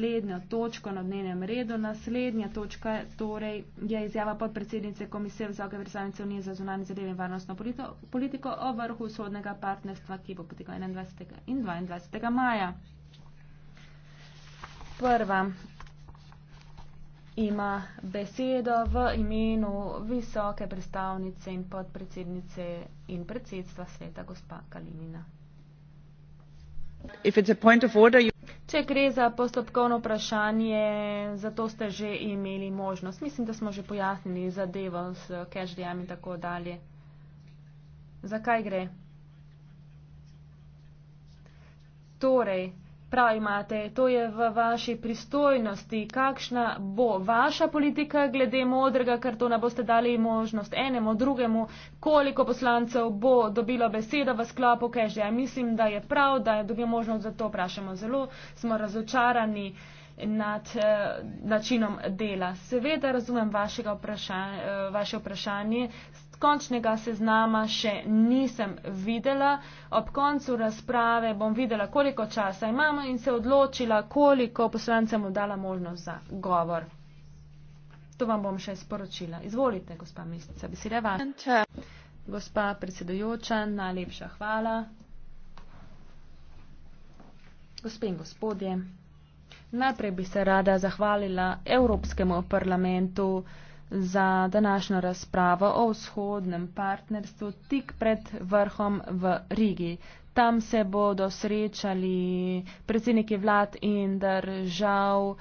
naslednjo točko na dnevnem redu. Naslednja točka torej je izjava podpredsednice Komisije vzoke predstavnice Unije za zunanje zadeve in varnostno politiko o vrhu vzhodnega partnerstva, ki bo potekal 21. in 22. maja. Prva ima besedo v imenu visoke predstavnice in podpredsednice in predsedstva sveta gospa Kalinina. If it's a point of order, Če gre za postopkovno vprašanje, zato ste že imeli možnost. Mislim, da smo že pojasnili zadevo s cash-dijami in tako dalje. Zakaj gre? Torej, Prav imate, to je v vaši pristojnosti. Kakšna bo vaša politika glede modrega kartona? Boste dali možnost enemu, drugemu, koliko poslancev bo dobilo besedo v sklopu kežeja? Mislim, da je prav, da je dobil možnost za to vprašamo. Zelo smo razočarani nad eh, načinom dela. Seveda razumem vaše vprašanje. Eh, vaše vprašanje končnega seznama še nisem videla. Ob koncu razprave bom videla, koliko časa imamo in se odločila, koliko poslancem dala možnost za govor. To vam bom še sporočila. Izvolite, gospa ministrica, beseda vam. Gospa predsedojoča, najlepša hvala. Gospe in gospodje, najprej bi se rada zahvalila Evropskemu parlamentu za današnjo razpravo o vzhodnem partnerstvu tik pred vrhom v Rigi. Tam se bodo srečali predsedniki vlad in držav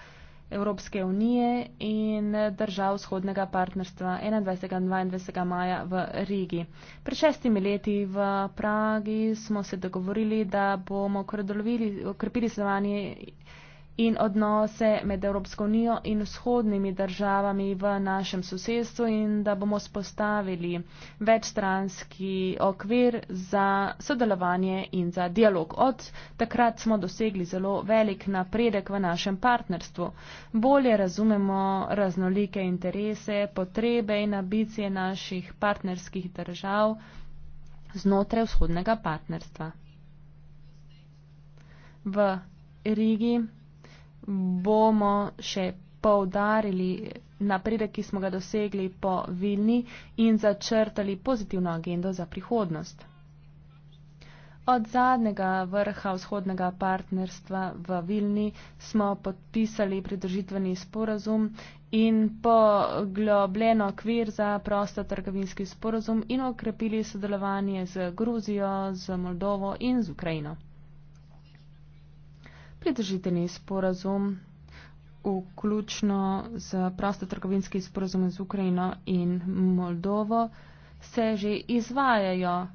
Evropske unije in držav vzhodnega partnerstva 21. in 22. maja v Rigi. Pred šestimi leti v Pragi smo se dogovorili, da bomo okrepili sodelovanje in odnose med Evropsko unijo in vzhodnimi državami v našem sosedstvu in da bomo spostavili večstranski okvir za sodelovanje in za dialog. Od takrat smo dosegli zelo velik napredek v našem partnerstvu. Bolje razumemo raznolike interese, potrebe in ambicije naših partnerskih držav znotraj vzhodnega partnerstva. V Rigi bomo še poudarili napredek, ki smo ga dosegli po Vilni in začrtali pozitivno agendo za prihodnost. Od zadnjega vrha vzhodnega partnerstva v Vilni smo podpisali pridržitveni sporazum in poglobljeno okvir za prosto trgovinski sporazum in okrepili sodelovanje z Gruzijo, z Moldovo in z Ukrajino pridržiteljni sporazum, vključno z prostotrgovinski sporazum z Ukrajino in Moldovo, se že izvajajo.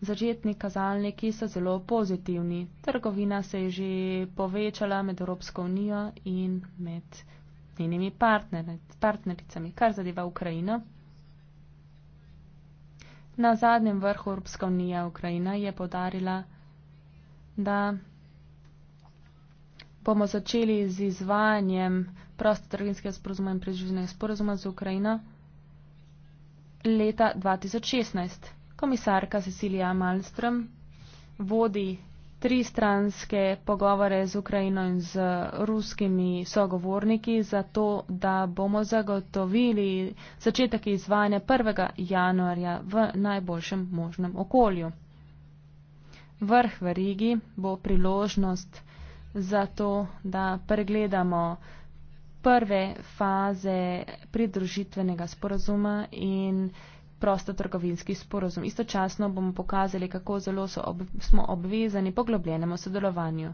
Začetni kazalniki so zelo pozitivni. Trgovina se je že povečala med Evropsko unijo in med njenimi partnericami, kar zadeva Ukrajino. Na zadnjem vrhu Evropska unija Ukrajina je podarila, da bomo začeli z izvajanjem prostotrgovinskega sporozuma in preživljenja sporozuma z Ukrajino leta 2016. Komisarka Cecilija Malmström vodi tristranske pogovore z Ukrajino in z ruskimi sogovorniki, zato da bomo zagotovili začetek izvajanja 1. januarja v najboljšem možnem okolju. Vrh v Rigi bo priložnost, zato, da pregledamo prve faze pridružitvenega sporozuma in prostotrgovinski sporozum. Istočasno bomo pokazali, kako zelo so ob, smo obvezani poglobljenemu sodelovanju.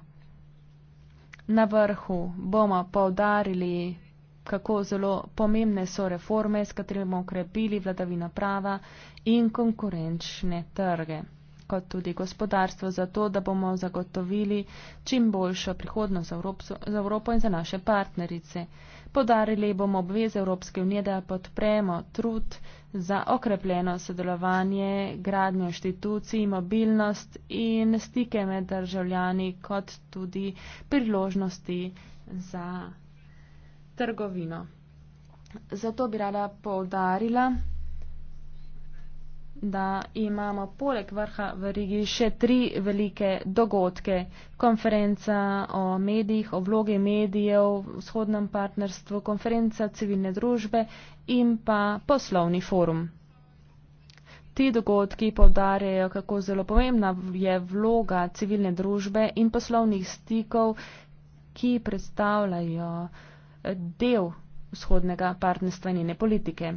Na vrhu bomo povdarili, kako zelo pomembne so reforme, s katerimi bomo ukrepili vladavino prava in konkurenčne trge kot tudi gospodarstvo, zato da bomo zagotovili čim boljšo prihodnost za Evropo, za Evropo in za naše partnerice. Podarili bomo obvez Evropske unije, da podpremo trud za okrepljeno sodelovanje, gradnjo inštitucij, mobilnost in stike med državljani, kot tudi priložnosti za trgovino. Zato bi rada poudarila, da imamo poleg vrha v regiji še tri velike dogodke. Konferenca o medijih, o vloge medijev v vzhodnem partnerstvu, konferenca civilne družbe in pa poslovni forum. Ti dogodki povdarjajo, kako zelo pomembna je vloga civilne družbe in poslovnih stikov, ki predstavljajo del vzhodnega partnerstva in njene politike.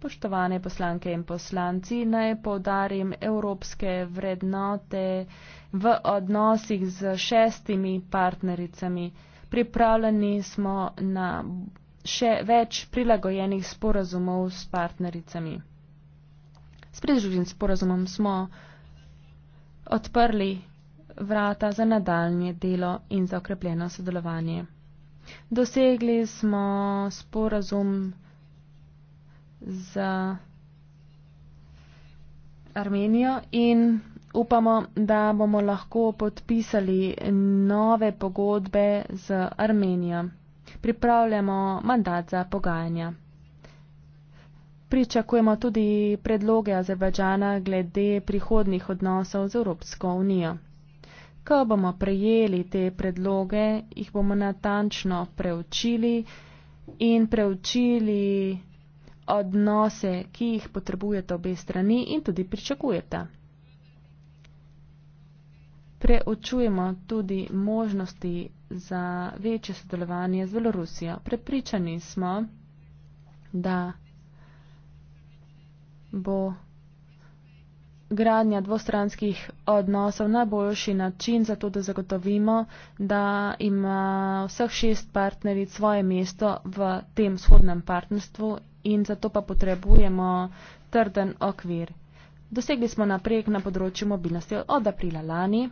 Poštovane poslanke in poslanci, naj povdarim evropske vrednote v odnosih z šestimi partnericami. Pripravljeni smo na še več prilagojenih sporazumov s partnericami. S pridružim sporazumom smo odprli vrata za nadaljnje delo in za okrepljeno sodelovanje. Dosegli smo sporazum za Armenijo in upamo, da bomo lahko podpisali nove pogodbe z Armenijo. Pripravljamo mandat za pogajanja. Pričakujemo tudi predloge Azerbajdžana glede prihodnih odnosov z Evropsko unijo. Ko bomo prejeli te predloge, jih bomo natančno preučili in preučili odnose, ki jih potrebujete obe strani in tudi pričakujete. Preučujemo tudi možnosti za večje sodelovanje z Belorusijo. Prepričani smo, da bo gradnja dvostranskih odnosov najboljši način za to, da zagotovimo, da ima vseh šest partneric svoje mesto v tem shodnem partnerstvu in zato pa potrebujemo trden okvir. Dosegli smo napreg na področju mobilnosti od aprila lani.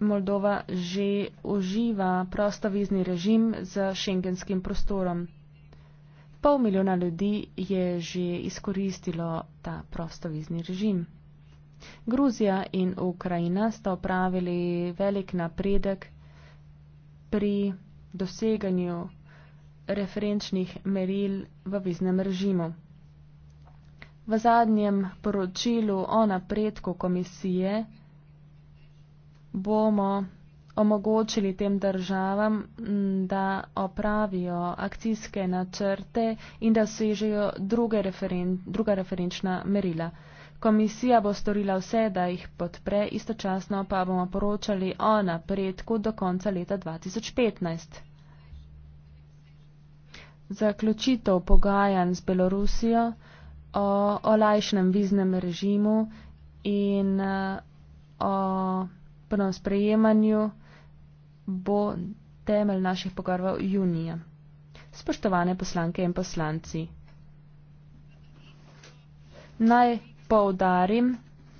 Moldova že uživa prostovizni režim z šengenskim prostorom. Pol milijona ljudi je že izkoristilo ta prostovizni režim. Gruzija in Ukrajina sta opravili velik napredek pri doseganju referenčnih meril v viznem režimu. V zadnjem poročilu o napredku komisije bomo omogočili tem državam, da opravijo akcijske načrte in da sežejo druge referen druga referenčna merila. Komisija bo storila vse, da jih podpre, istočasno pa bomo poročali o napredku do konca leta 2015. Zaključitev pogajanj z Belorusijo o olajšnem viznem režimu in o prenosprejemanju bo temelj naših pogovorov junija. Spoštovane poslanke in poslanci, naj poudarim,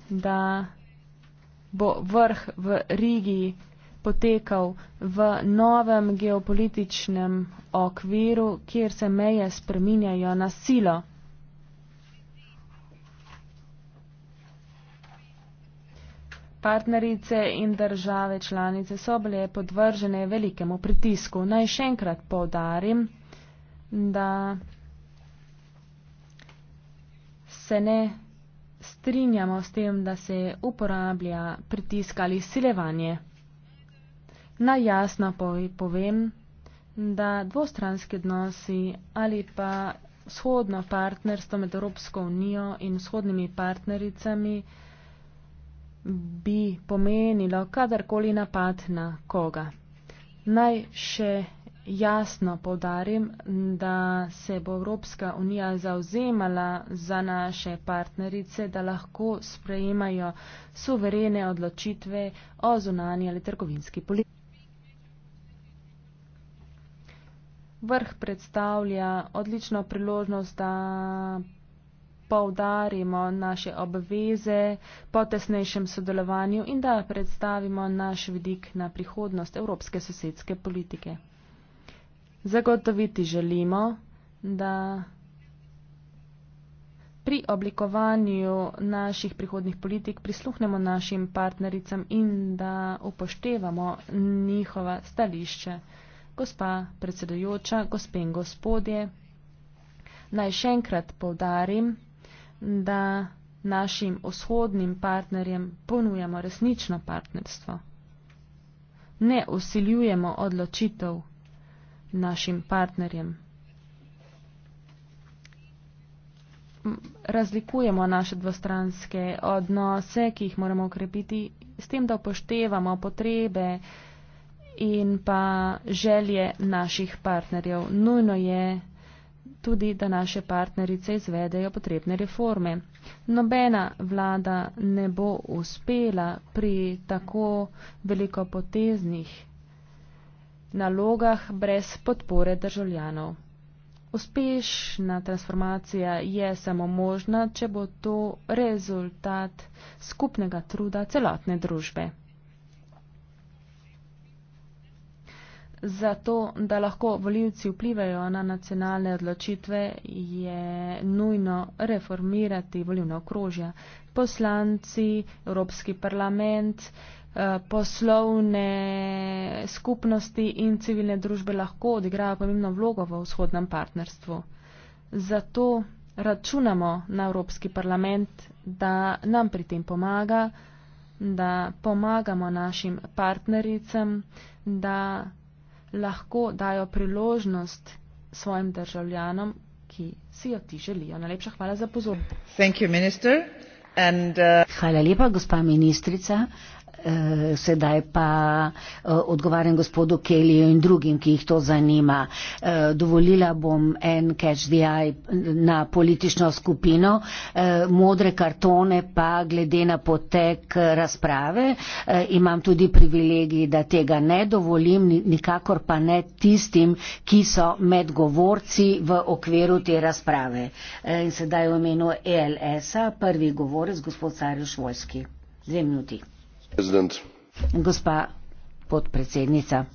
da bo vrh v Rigi potekal v novem geopolitičnem okviru, kjer se meje spreminjajo na silo. Partnerice in države članice so bile podvržene velikemu pritisku. Naj še enkrat povdarim, da se ne strinjamo s tem, da se uporablja pritisk ali silevanje. Naj jasno povem, da dvostranski odnosi ali pa vzhodno partnerstvo med Evropsko unijo in vzhodnimi partnericami bi pomenilo kadarkoli napad na koga. Naj še jasno povdarim, da se bo Evropska unija zauzemala za naše partnerice, da lahko sprejemajo suverene odločitve o zunanji ali trgovinski politiki. Vrh predstavlja odlično priložnost, da poudarimo naše obveze po tesnejšem sodelovanju in da predstavimo naš vidik na prihodnost evropske sosedske politike. Zagotoviti želimo, da pri oblikovanju naših prihodnih politik prisluhnemo našim partnericam in da upoštevamo njihova stališče. Gospa predsedujoča, gospe in gospodje, naj še enkrat povdarim, da našim vzhodnim partnerjem ponujamo resnično partnerstvo. Ne usiljujemo odločitev našim partnerjem. Razlikujemo naše dvostranske odnose, ki jih moramo okrepiti, s tem, da upoštevamo potrebe in pa želje naših partnerjev. Nujno je, tudi, da naše partnerice izvedejo potrebne reforme. Nobena vlada ne bo uspela pri tako velikopoteznih nalogah brez podpore državljanov. Uspešna transformacija je samo možna, če bo to rezultat skupnega truda celotne družbe. Zato, da lahko voljivci vplivajo na nacionalne odločitve, je nujno reformirati voljivna okrožja. Poslanci, Evropski parlament, eh, poslovne skupnosti in civilne družbe lahko odigrajo pomembno vlogo v vzhodnem partnerstvu. Zato računamo na Evropski parlament, da nam pri tem pomaga, da pomagamo našim partnericam, da lahko dajo priložnost svojim državljanom, ki si jo ti želijo. Najlepša hvala za pozornost. Uh, hvala lepa, gospa ministrica. Uh, Eh, sedaj pa eh, odgovarjam gospodu Kelijo in drugim, ki jih to zanima. Eh, dovolila bom en catch the eye na politično skupino, modre kartone pa glede na potek razprave. Imam tudi privilegij, da tega ne dovolim, nikakor pa ne tistim, ki so medgovorci v okviru te razprave. In sedaj v imenu ELS-a prvi govorec, gospod Sarjuš Vojski. Dve minuti gospa podpredsednica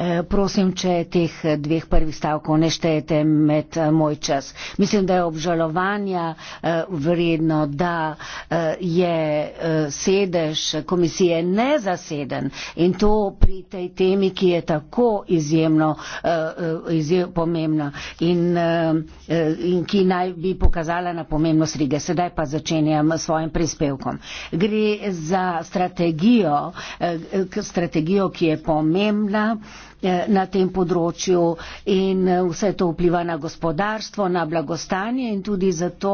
Eh, prosim, če teh eh, dveh prvih stavkov ne štejete med eh, moj čas. Mislim, da je obžalovanja vredno, da je sedež komisije nezaseden in to pri tej temi, ki je tako izjemno, izjemno pomembna in, in ki naj bi pokazala na pomembnost Rige. Sedaj pa začenjam s svojim prispevkom. Gre za strategijo, strategijo, ki je pomembna. Eh, na tem področju in eh, vse to vpliva na gospodarstvo, na blagostanje in tudi zato,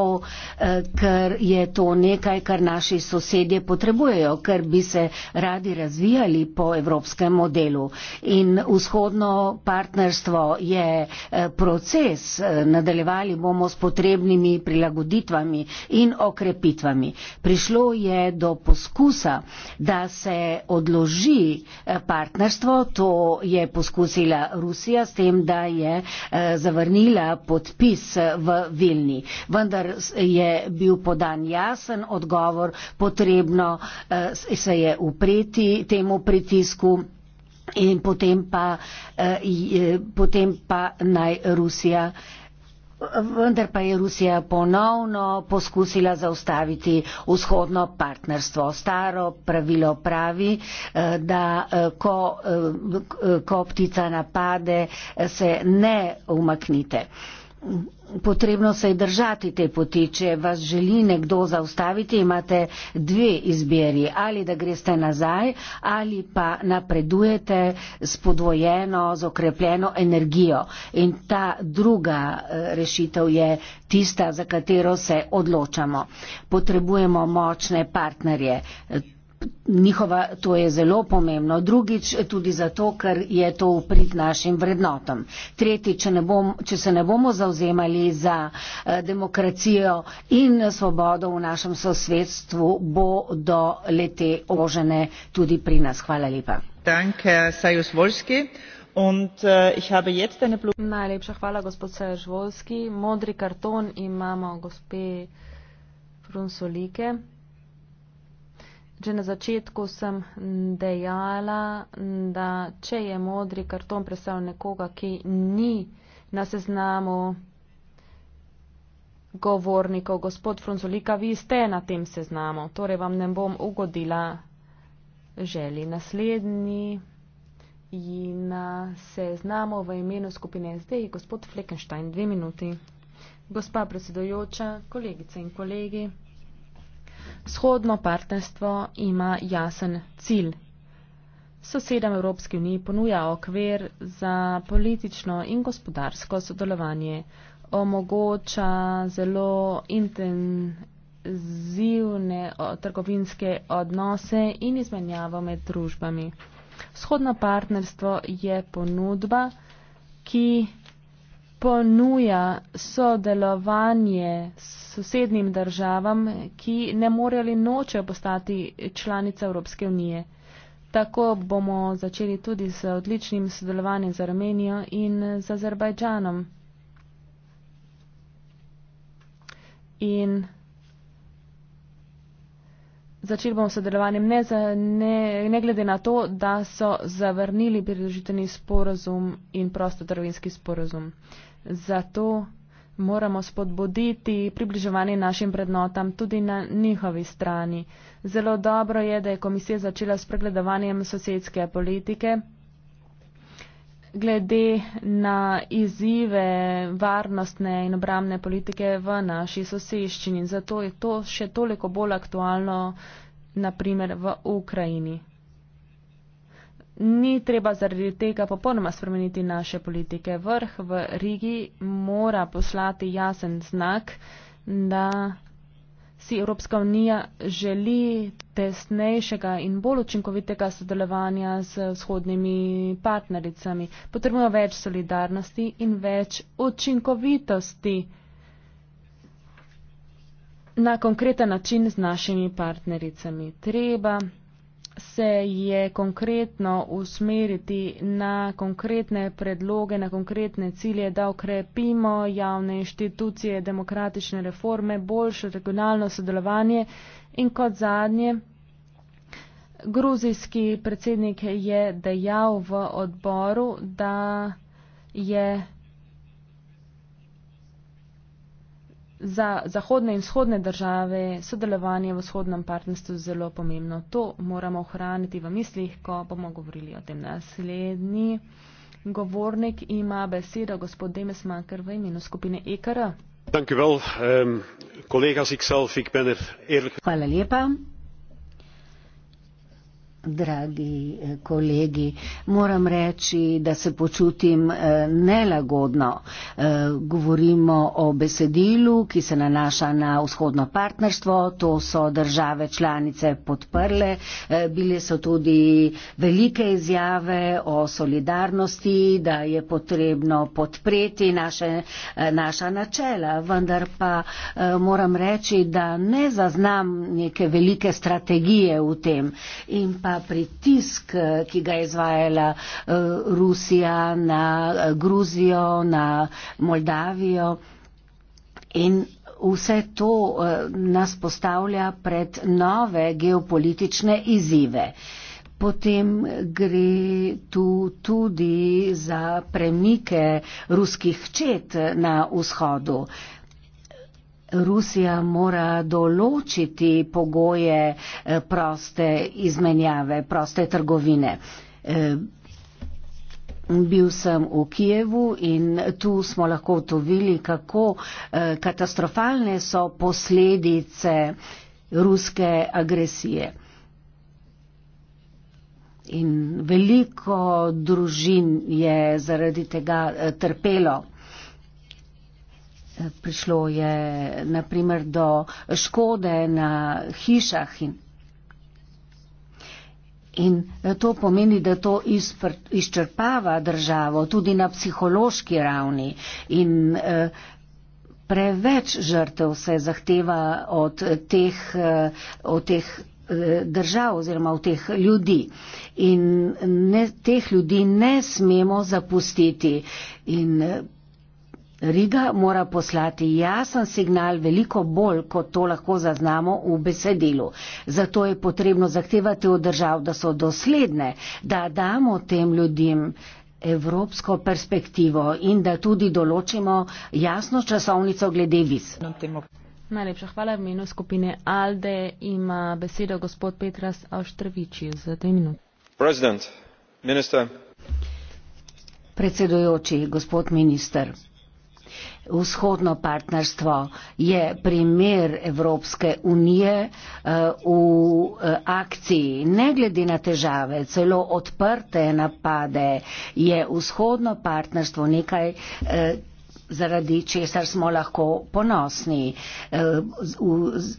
eh, ker je to nekaj, kar naši sosedje potrebujejo, ker bi se radi razvijali po evropskem modelu. In vzhodno partnerstvo je proces, nadaljevali bomo s potrebnimi prilagoditvami in okrepitvami. Prišlo je do poskusa, da se odloži partnerstvo, to je poskusila Rusija s tem, da je eh, zavrnila podpis eh, v Vilni. Vendar je bil podan jasen odgovor, potrebno eh, se je upreti temu pritisku. In potem pa, eh, potem pa naj Rusija eh, Vendar pa je Rusija ponovno poskusila zaustaviti vzhodno partnerstvo. Staro pravilo pravi, eh, da eh, ko, eh, ko ptica napade, se ne umaknite potrebno se je držati te poti. Če vas želi nekdo zaustaviti, imate dve izbiri. Ali da greste nazaj ali pa napredujete s podvojeno, z okrepljeno energijo. In ta druga eh, rešitev je tista, za katero se odločamo. Potrebujemo močne partnerje. Njihova to je zelo pomembno. Drugič, tudi zato, ker je to uprit našim vrednotam. Tretjič, če, če se ne bomo zauzemali za eh, demokracijo in svobodo v našem sosedstvu, bo do lete ožene tudi pri nas. Hvala lepa. Danke, Und, uh, ich habe jetzt eine Najlepša hvala, gospod Sajžvolski. Modri karton imamo gospe Frunsolike. Že na začetku sem dejala, da če je modri karton predstavljal nekoga, ki ni na seznamu govornikov, gospod Frunzolika, vi ste na tem seznamu, torej vam ne bom ugodila želi. Naslednji je na seznamu v imenu skupine SD, gospod Fleckenstein, dve minuti. Gospa predsedojoča, kolegice in kolegi. Vzhodno partnerstvo ima jasen cilj. Sosedam Evropske unije ponuja okvir za politično in gospodarsko sodelovanje, omogoča zelo intenzivne trgovinske odnose in izmenjavo med družbami. Vzhodno partnerstvo je ponudba, ki ponuja sodelovanje s sosednjim državam, ki ne morejo ali nočejo postati članice Evropske unije. Tako bomo začeli tudi s odličnim sodelovanjem z Armenijo in z Azerbajdžanom. In začeli bomo sodelovanjem ne, za, ne, ne glede na to, da so zavrnili pridružitveni sporozum in prostotrvinski sporozum. Uh, Zato moramo spodbuditi približevanje našim prednotam tudi na njihovi strani. Zelo dobro je, da je komisija začela s pregledovanjem sosedske politike. Glede na izzive varnostne in obramne politike v naši soseščini, zato je to še toliko bolj aktualno, naprimer v Ukrajini ni treba zaradi tega popolnoma spremeniti naše politike. Vrh v Rigi mora poslati jasen znak, da si Evropska unija želi tesnejšega in bolj učinkovitega sodelovanja z vzhodnimi partnericami. Potrebujemo več solidarnosti in več učinkovitosti na konkreten način z našimi partnericami. Treba se je konkretno usmeriti na konkretne predloge, na konkretne cilje, da okrepimo javne inštitucije, demokratične reforme, boljše regionalno sodelovanje in kot zadnje. Gruzijski predsednik je dejal v odboru, da je za zahodne in vzhodne države sodelovanje v vzhodnem partnerstvu zelo pomembno. To moramo ohraniti v mislih, ko bomo govorili o tem naslednji. Govornik ima besedo gospod Demes Manker v imenu skupine EKR. Dankjewel, um, ehm, collega's, ikzelf, ik ben er eerlijk. Hvala lepa. Dragi eh, kolegi, moram reči, da se počutim eh, nelagodno. Eh, govorimo o besedilu, ki se nanaša na vzhodno partnerstvo. To so države članice podprle. Bile so tudi velike izjave o solidarnosti, da je potrebno podpreti naše, naša načela. Vendar pa moram reči, da ne zaznam neke velike strategije v tem. In pa pritisk, ki ga je izvajala eh, Rusija na eh, Gruzijo, na Moldavijo. In vse to eh, nas postavlja pred nove geopolitične izzive. Potem gre tu tudi za premike ruskih čet na vzhodu. Rusija mora določiti pogoje eh, proste izmenjave, proste trgovine. Eh, bil sem v Kijevu in tu smo lahko otovili, kako eh, katastrofalne so posledice ruske agresije. In veliko družin je zaradi tega trpelo prišlo je naprimer do škode na hišah in, in to pomeni, da to izpr, izčrpava državo tudi na psihološki ravni in eh, preveč žrtev se zahteva od teh, eh, od teh eh, držav oziroma v teh ljudi. In ne, teh ljudi ne smemo zapustiti. In Riga mora poslati jasen signal veliko bolj, kot to lahko zaznamo v besedilu. Zato je potrebno zahtevati od držav, da so dosledne, da damo tem ljudem evropsko perspektivo in da tudi določimo jasno časovnico glede viz. Najlepša hvala v imenu skupine ALDE ima besedo gospod Petras Avštrvič za te minute. Predsedujoči, gospod minister. Vzhodno partnerstvo je primer Evropske unije eh, v eh, akciji. Ne glede na težave, celo odprte napade, je vzhodno partnerstvo nekaj, eh, zaradi česar smo lahko ponosni. E,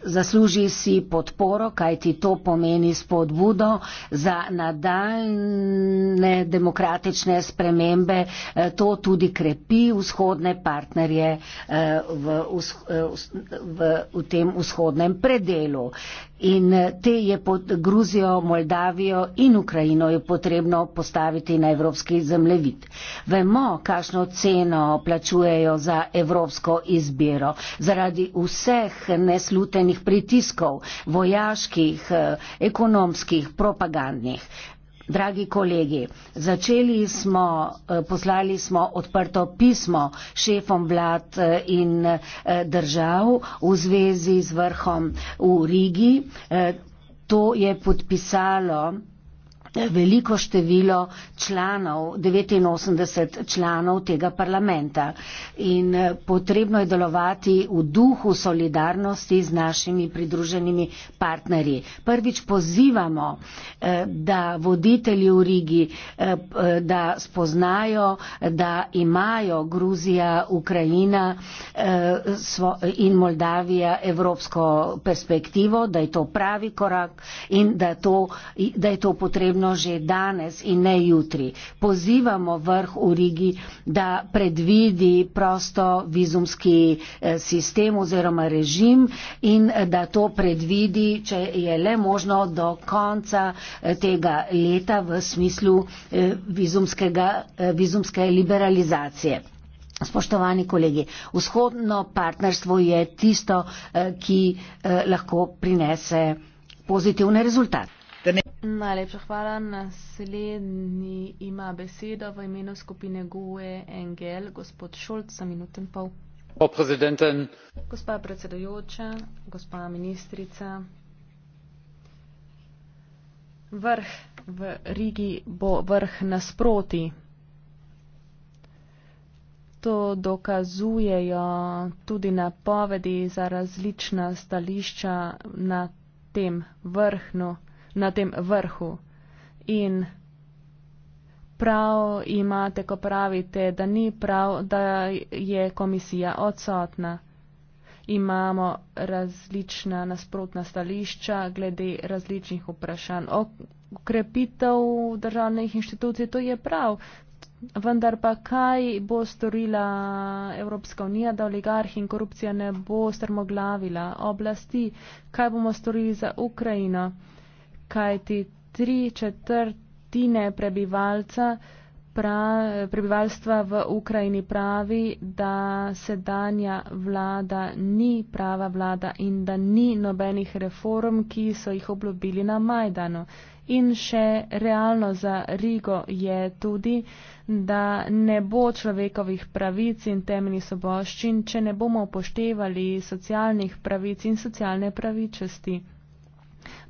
zasluži si podporo, kaj ti to pomeni spodbudo za nadaljne demokratične spremembe. E, to tudi krepi vzhodne partnerje e, v, v, v, v tem vzhodnem predelu. In eh, te je pod Gruzijo, Moldavijo in Ukrajino je potrebno postaviti na evropski zemljevid. Vemo, kakšno ceno plačujejo za evropsko izbiro. Zaradi vseh neslutenih pritiskov, vojaških, eh, ekonomskih, propagandnih, Dragi kolegi, začeli smo, eh, poslali smo odprto pismo šefom vlad eh, in eh, držav v zvezi z vrhom v Rigi. To je podpisalo veliko število članov, 89 članov tega parlamenta. In eh, potrebno je delovati v duhu solidarnosti z našimi pridruženimi partnerji. Prvič pozivamo, eh, da voditelji v Rigi, eh, da spoznajo, da imajo Gruzija, Ukrajina in Moldavija evropsko perspektivo, da je to pravi korak in da, to, da je to potrebno potrebno že danes in ne jutri. Pozivamo vrh v Rigi, da predvidi prosto vizumski eh, sistem oziroma režim in eh, da to predvidi, če je le možno, do konca eh, tega leta v smislu vizumske liberalizacije. Spoštovani kolegi, vzhodno partnerstvo je tisto, ki lahko prinese pozitivne rezultate. Najlepša hvala. Naslednji ima besedo v imenu skupine GUE Engel, gospod Šolc, za minuto in pol. Gospa predsedujoča, gospa ministrica, vrh v Rigi bo vrh nasproti. To dokazujejo tudi napovedi za različna stališča na tem vrhnu na tem vrhu. In prav imate, ko pravite, da ni prav, da je komisija odsotna. Imamo različna nasprotna stališča glede različnih vprašanj. O ukrepitev državnih inštitucij, to je prav. Vendar pa kaj bo storila Evropska unija, da oligarhi in korupcija ne bo strmoglavila oblasti? Kaj bomo storili za Ukrajino? kaj ti tri četrtine prebivalca, pra, prebivalstva v Ukrajini pravi, da sedanja vlada ni prava vlada in da ni nobenih reform, ki so jih obljubili na Majdanu. In še realno za Rigo je tudi, da ne bo človekovih pravic in temeljnih soboščin, če ne bomo upoštevali socialnih pravic in socialne pravičnosti.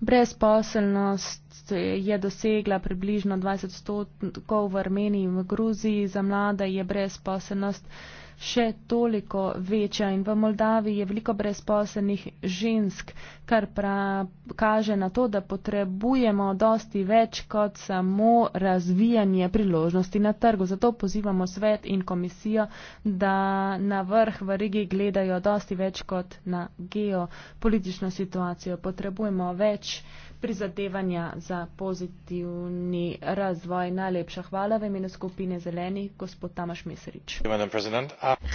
Brezposelnost je dosegla približno 20 odstotkov v Armeniji in v Gruziji, za mlade je brezposelnost še toliko večja in v Moldaviji je veliko brezposelnih žensk, kar pra, kaže na to, da potrebujemo dosti več kot samo razvijanje priložnosti na trgu. Zato pozivamo svet in komisijo, da na vrh v regiji gledajo dosti več kot na geopolitično situacijo. Potrebujemo več prizadevanja za pozitivni razvoj. Najlepša hvala v imenu skupine Zeleni, gospod Tamaš Meserič.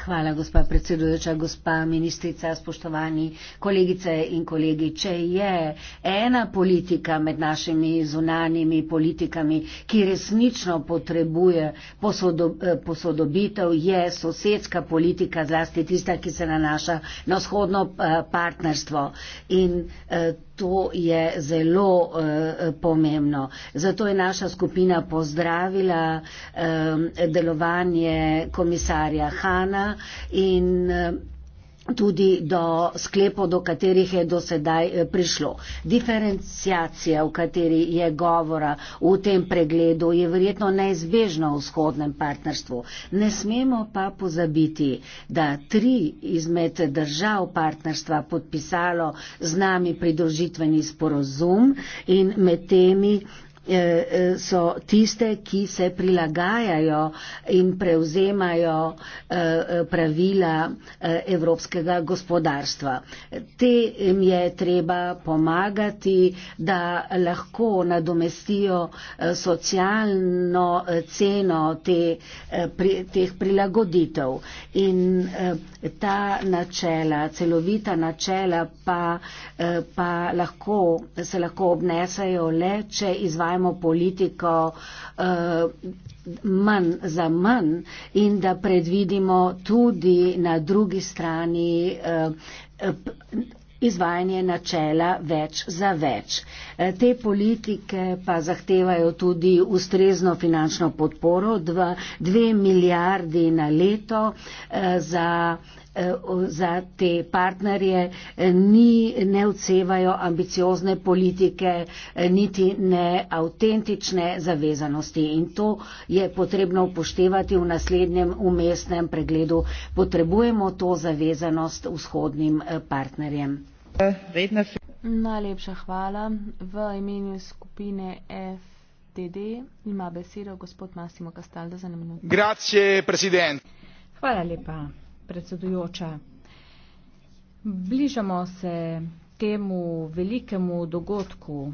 Hvala, gospa predsedujoča, gospa ministrica, spoštovani kolegice in kolegi. Če je ena politika med našimi zunanimi politikami, ki resnično potrebuje posodobitev, je sosedska politika zlasti tista, ki se nanaša na vzhodno eh, partnerstvo. In, eh, to je zelo eh, pomembno. Zato je naša skupina pozdravila eh, delovanje komisarja Hana in eh, tudi do sklepov, do katerih je do sedaj eh, prišlo. Diferencijacija, o kateri je govora v tem pregledu, je verjetno neizbežna v vzhodnem partnerstvu. Ne smemo pa pozabiti, da tri izmed držav partnerstva podpisalo z nami pridružitveni sporozum in med temi Eh, eh, so tiste, ki se prilagajajo in prevzemajo eh, pravila evropskega gospodarstva. Te jim je treba pomagati, da lahko nadomestijo socialno ceno te, teh prilagoditev. In ta načela, celovita načela pa, pa lahko, se lahko obnesajo le, če izvajajo dajmo politiko uh, manj za manj in da predvidimo tudi na drugi strani uh, izvajanje načela več za več. Eh, te politike pa zahtevajo tudi ustrezno finančno podporo, dva, dve milijardi na leto uh, za uh, Eh, za te partnerje eh, ni, ne odsevajo ambiciozne politike, eh, niti ne avtentične zavezanosti. In to je potrebno upoštevati v naslednjem umestnem pregledu. Potrebujemo to zavezanost vzhodnim partnerjem. Najlepša hvala. V imenu skupine FDD ima besedo gospod Massimo Castaldo za minuto. Grazie, predsednik. Hvala lepa predsedujoča. Bližamo se temu velikemu dogodku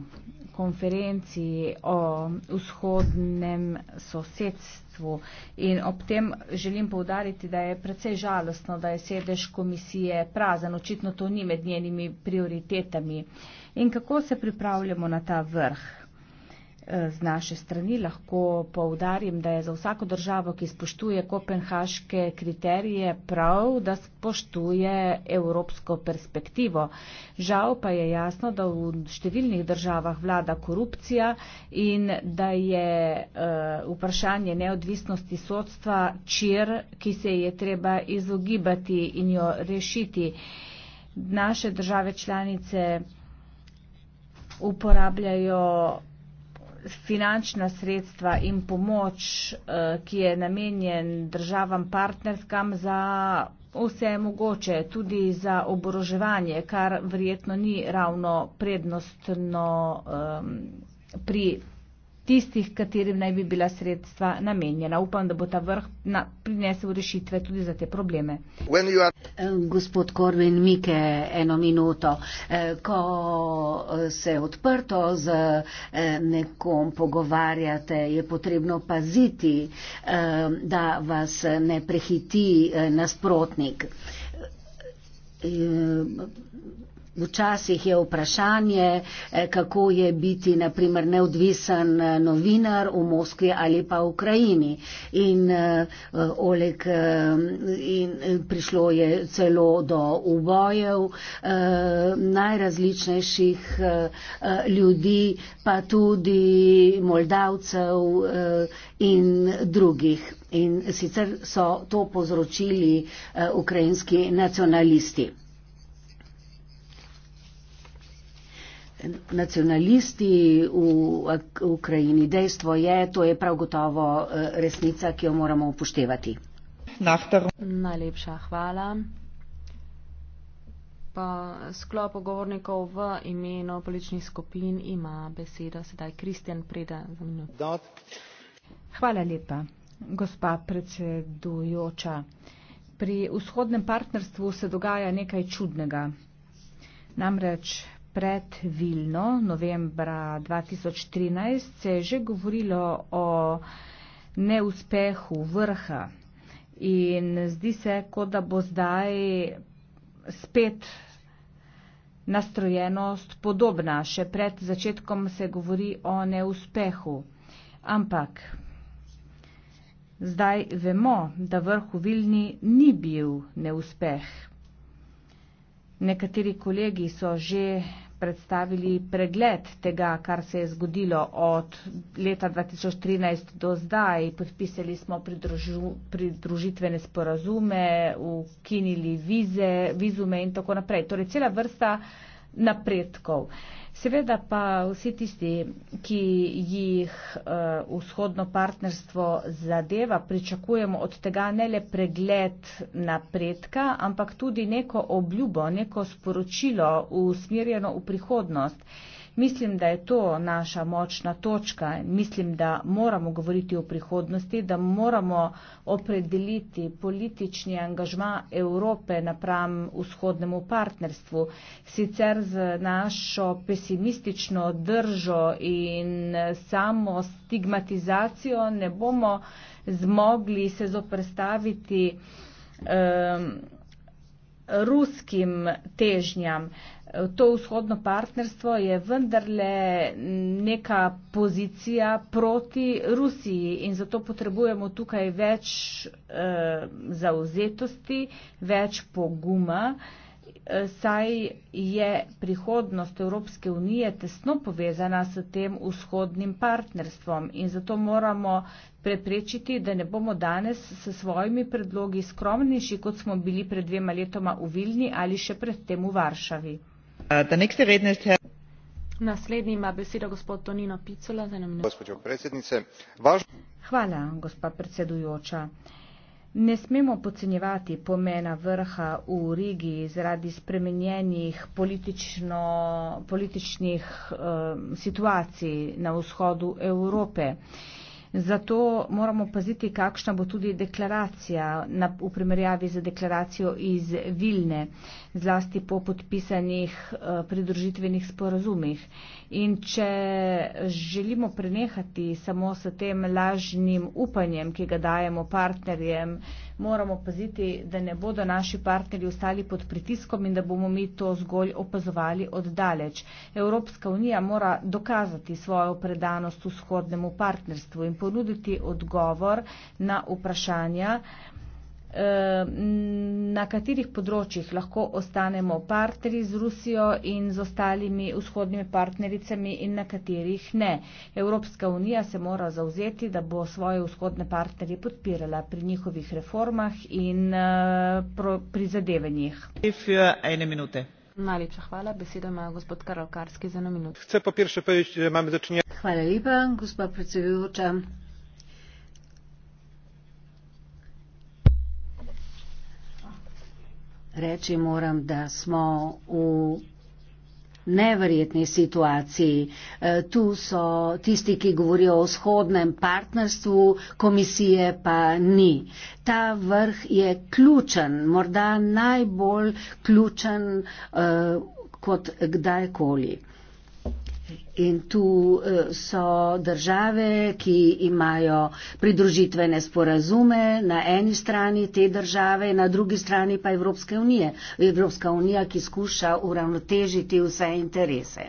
konferenci o vzhodnem sosedstvu in ob tem želim povdariti, da je precej žalostno, da je sedež komisije prazen, očitno to ni med njenimi prioritetami. In kako se pripravljamo na ta vrh? z naše strani. Lahko povdarim, da je za vsako državo, ki spoštuje kopenhaške kriterije, prav, da spoštuje evropsko perspektivo. Žal pa je jasno, da v številnih državah vlada korupcija in da je eh, vprašanje neodvisnosti sodstva čir, ki se je treba izogibati in jo rešiti. Naše države članice uporabljajo finančna sredstva in pomoč, eh, ki je namenjen državam partnerskam za vse mogoče, tudi za oboroževanje, kar verjetno ni ravno prednostno ehm, pri tistih, katerim naj bi bila sredstva namenjena. Upam, da bo ta vrh na, prinesel rešitve tudi za te probleme. Are... Eh, gospod Korvin, Mike, eno minuto. Eh, ko se odprto z eh, nekom pogovarjate, je potrebno paziti, da vas ne prehiti nasprotnik. Včasih je vprašanje, eh, kako je biti, naprimer, neodvisen eh, novinar v Moskvi ali pa v Ukrajini. In, eh, Oleg, in prišlo je celo do ubojev najrazličnejših ljudi, pa tudi Moldavcev in drugih. In sicer so to povzročili ukrajinski nacionalisti. nacionalisti v Ukrajini. Dejstvo je, to je prav gotovo eh, resnica, ki jo moramo upoštevati. Nahtar. Najlepša hvala. Pa sklop ogovornikov v imenu političnih skupin ima besedo sedaj Kristjan Preda. Hvala lepa, gospa predsedujoča. Pri vzhodnem partnerstvu se dogaja nekaj čudnega. Namreč pred Vilno, novembra 2013, se je že govorilo o neuspehu vrha in zdi se, kot da bo zdaj spet nastrojenost podobna. Še pred začetkom se govori o neuspehu. Ampak zdaj vemo, da vrh v Vilni ni bil neuspeh. Nekateri kolegi so že predstavili pregled tega, kar se je zgodilo od leta 2013 do zdaj. Podpisali smo pridružu, pridružitvene sporazume, ukinili vize, vizume in tako naprej. Torej, cela vrsta uh, napredkov. Seveda pa vsi tisti, ki jih eh, vzhodno partnerstvo zadeva, pričakujemo od tega ne le pregled napredka, ampak tudi neko obljubo, neko sporočilo usmerjeno v prihodnost. Mislim, da je to naša močna točka. Mislim, da moramo govoriti o prihodnosti, da moramo opredeliti politični angažma Evrope napram vzhodnemu partnerstvu. Sicer z našo pesimistično držo in samo stigmatizacijo ne bomo zmogli se zoprstaviti um, ehm, ruskim težnjam. Uh, To vzhodno partnerstvo je vendarle neka pozicija proti Rusiji in zato potrebujemo tukaj več e, zauzetosti, več poguma, e, saj je prihodnost Evropske unije tesno povezana s tem vzhodnim partnerstvom in zato moramo preprečiti, da ne bomo danes s svojimi predlogi skromnejši, kot smo bili pred dvema letoma v Vilni ali še predtem v Varšavi. Eh, ne smemo podcenjevati pomena vrha v rigi zaradi spremenjenih političnih uh, situacij na vzhodu Evrope. Uh, Zato moramo paziti, kakšna bo tudi deklaracija na, v primerjavi z deklaracijo iz Vilne, zlasti po podpisanih eh, pridružitvenih sporazumih. In če želimo prenehati samo s tem lažnim upanjem, ki ga dajemo partnerjem, eh, moramo paziti, da ne bodo naši partnerji ostali pod pritiskom in da bomo mi to zgolj opazovali oddaleč. Evropska unija mora dokazati svojo predanost vzhodnemu partnerstvu in ponuditi odgovor na vprašanja, na katerih področjih lahko ostanemo partneri z Rusijo in z ostalimi vzhodnimi partnericami in na katerih ne. Evropska unija se mora zauzeti, da bo svoje vzhodne partnerje podpirala pri njihovih reformah in eh, prizadevanjih. Najlepša hvala, besedo ima gospod Karl Karski za eno minuto. Hvala lepa, gospod predsedujoča. reči moram, da smo v neverjetni situaciji. E, tu so tisti, ki govorijo o vzhodnem partnerstvu, komisije pa ni. Ta vrh je ključen, morda najbolj ključen e, kot kdajkoli. In tu eh, so države, ki imajo pridružitvene sporazume na eni strani te države, na drugi strani pa Evropske unije. Evropska unija, ki skuša uravnotežiti vse interese.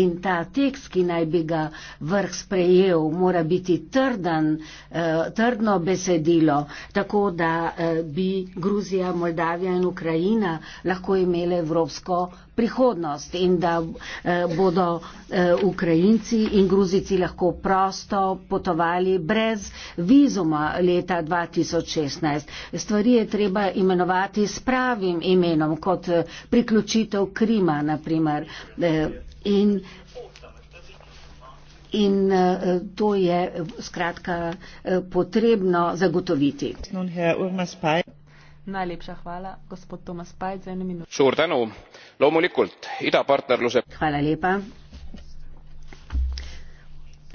In ta tekst, ki naj bi ga vrh sprejel, mora biti trdan, eh, trdno besedilo, tako da eh, bi Gruzija, Moldavija in Ukrajina lahko imele evropsko prihodnost in da bodo Eh, Ukrajinci in Gruzici lahko prosto potovali brez vizuma leta 2016. Stvari je treba imenovati s pravim imenom, kot eh, priključitev Krima, naprimer. Eh, in, in to je skratka potrebno zagotoviti. Najlepša hvala, gospod Tomas Pajd, za eno minuto. Hvala lepa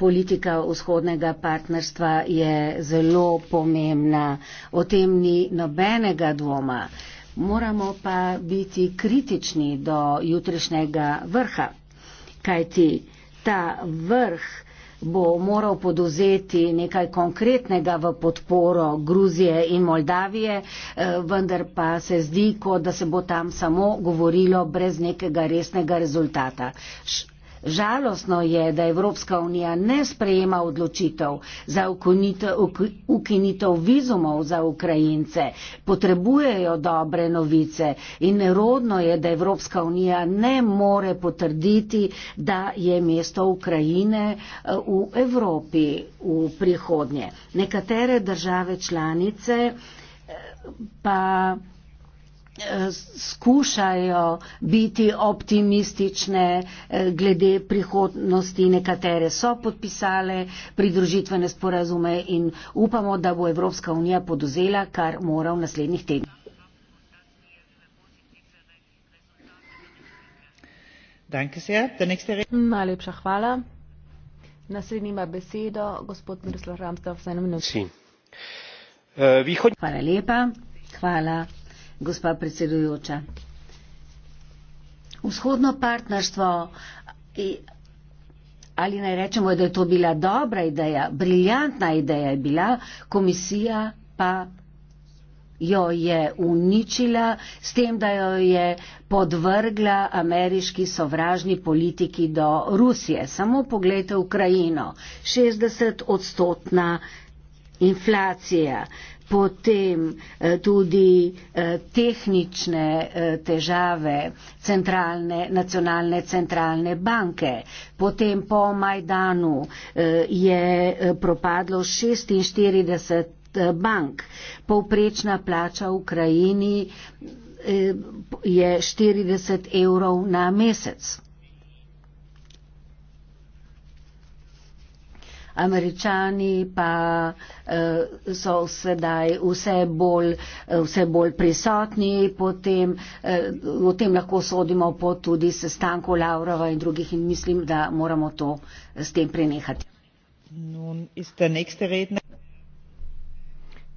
politika vzhodnega partnerstva je zelo pomembna. O tem ni nobenega dvoma. Moramo pa biti kritični do jutrišnjega vrha, kajti ta vrh bo moral podozeti nekaj konkretnega v podporo Gruzije in Moldavije, eh, vendar pa se zdi, kot da se bo tam samo govorilo brez nekega resnega rezultata. Žalostno je, da Evropska unija ne sprejema odločitev za ukinitev vizumov za Ukrajince. Potrebujejo dobre novice in nerodno je, da Evropska unija ne more potrditi, da je mesto Ukrajine eh, v Evropi v prihodnje. Nekatere države članice eh, pa skušajo biti optimistične eh, glede prihodnosti. Nekatere so podpisale pridružitvene sporazume in upamo, da bo Evropska unija poduzela, kar mora v naslednjih tednih. Najlepša hvala. Naslednji ima besedo gospod Miroslav Ramstav za eno minuto. Eh, hvala lepa. Hvala gospa predsedujoča. Vzhodno partnerstvo ali naj rečemo, da je to bila dobra ideja, briljantna ideja je bila, komisija pa jo je uničila s tem, da jo je podvrgla ameriški sovražni politiki do Rusije. Samo pogledajte Ukrajino, 60 odstotna inflacija, potem eh, tudi eh, tehnične eh, težave centralne, nacionalne centralne banke. Potem po Majdanu je propadlo 46 bank. Povprečna plača v Ukrajini je 40 evrov na mesec. američani pa eh, so sedaj vse bolj, eh, vse bolj prisotni, potem eh, o tem lahko sodimo po tudi sestanku Laurova in drugih in mislim, da moramo to s tem prenehati. Nun ist der nächste Redner.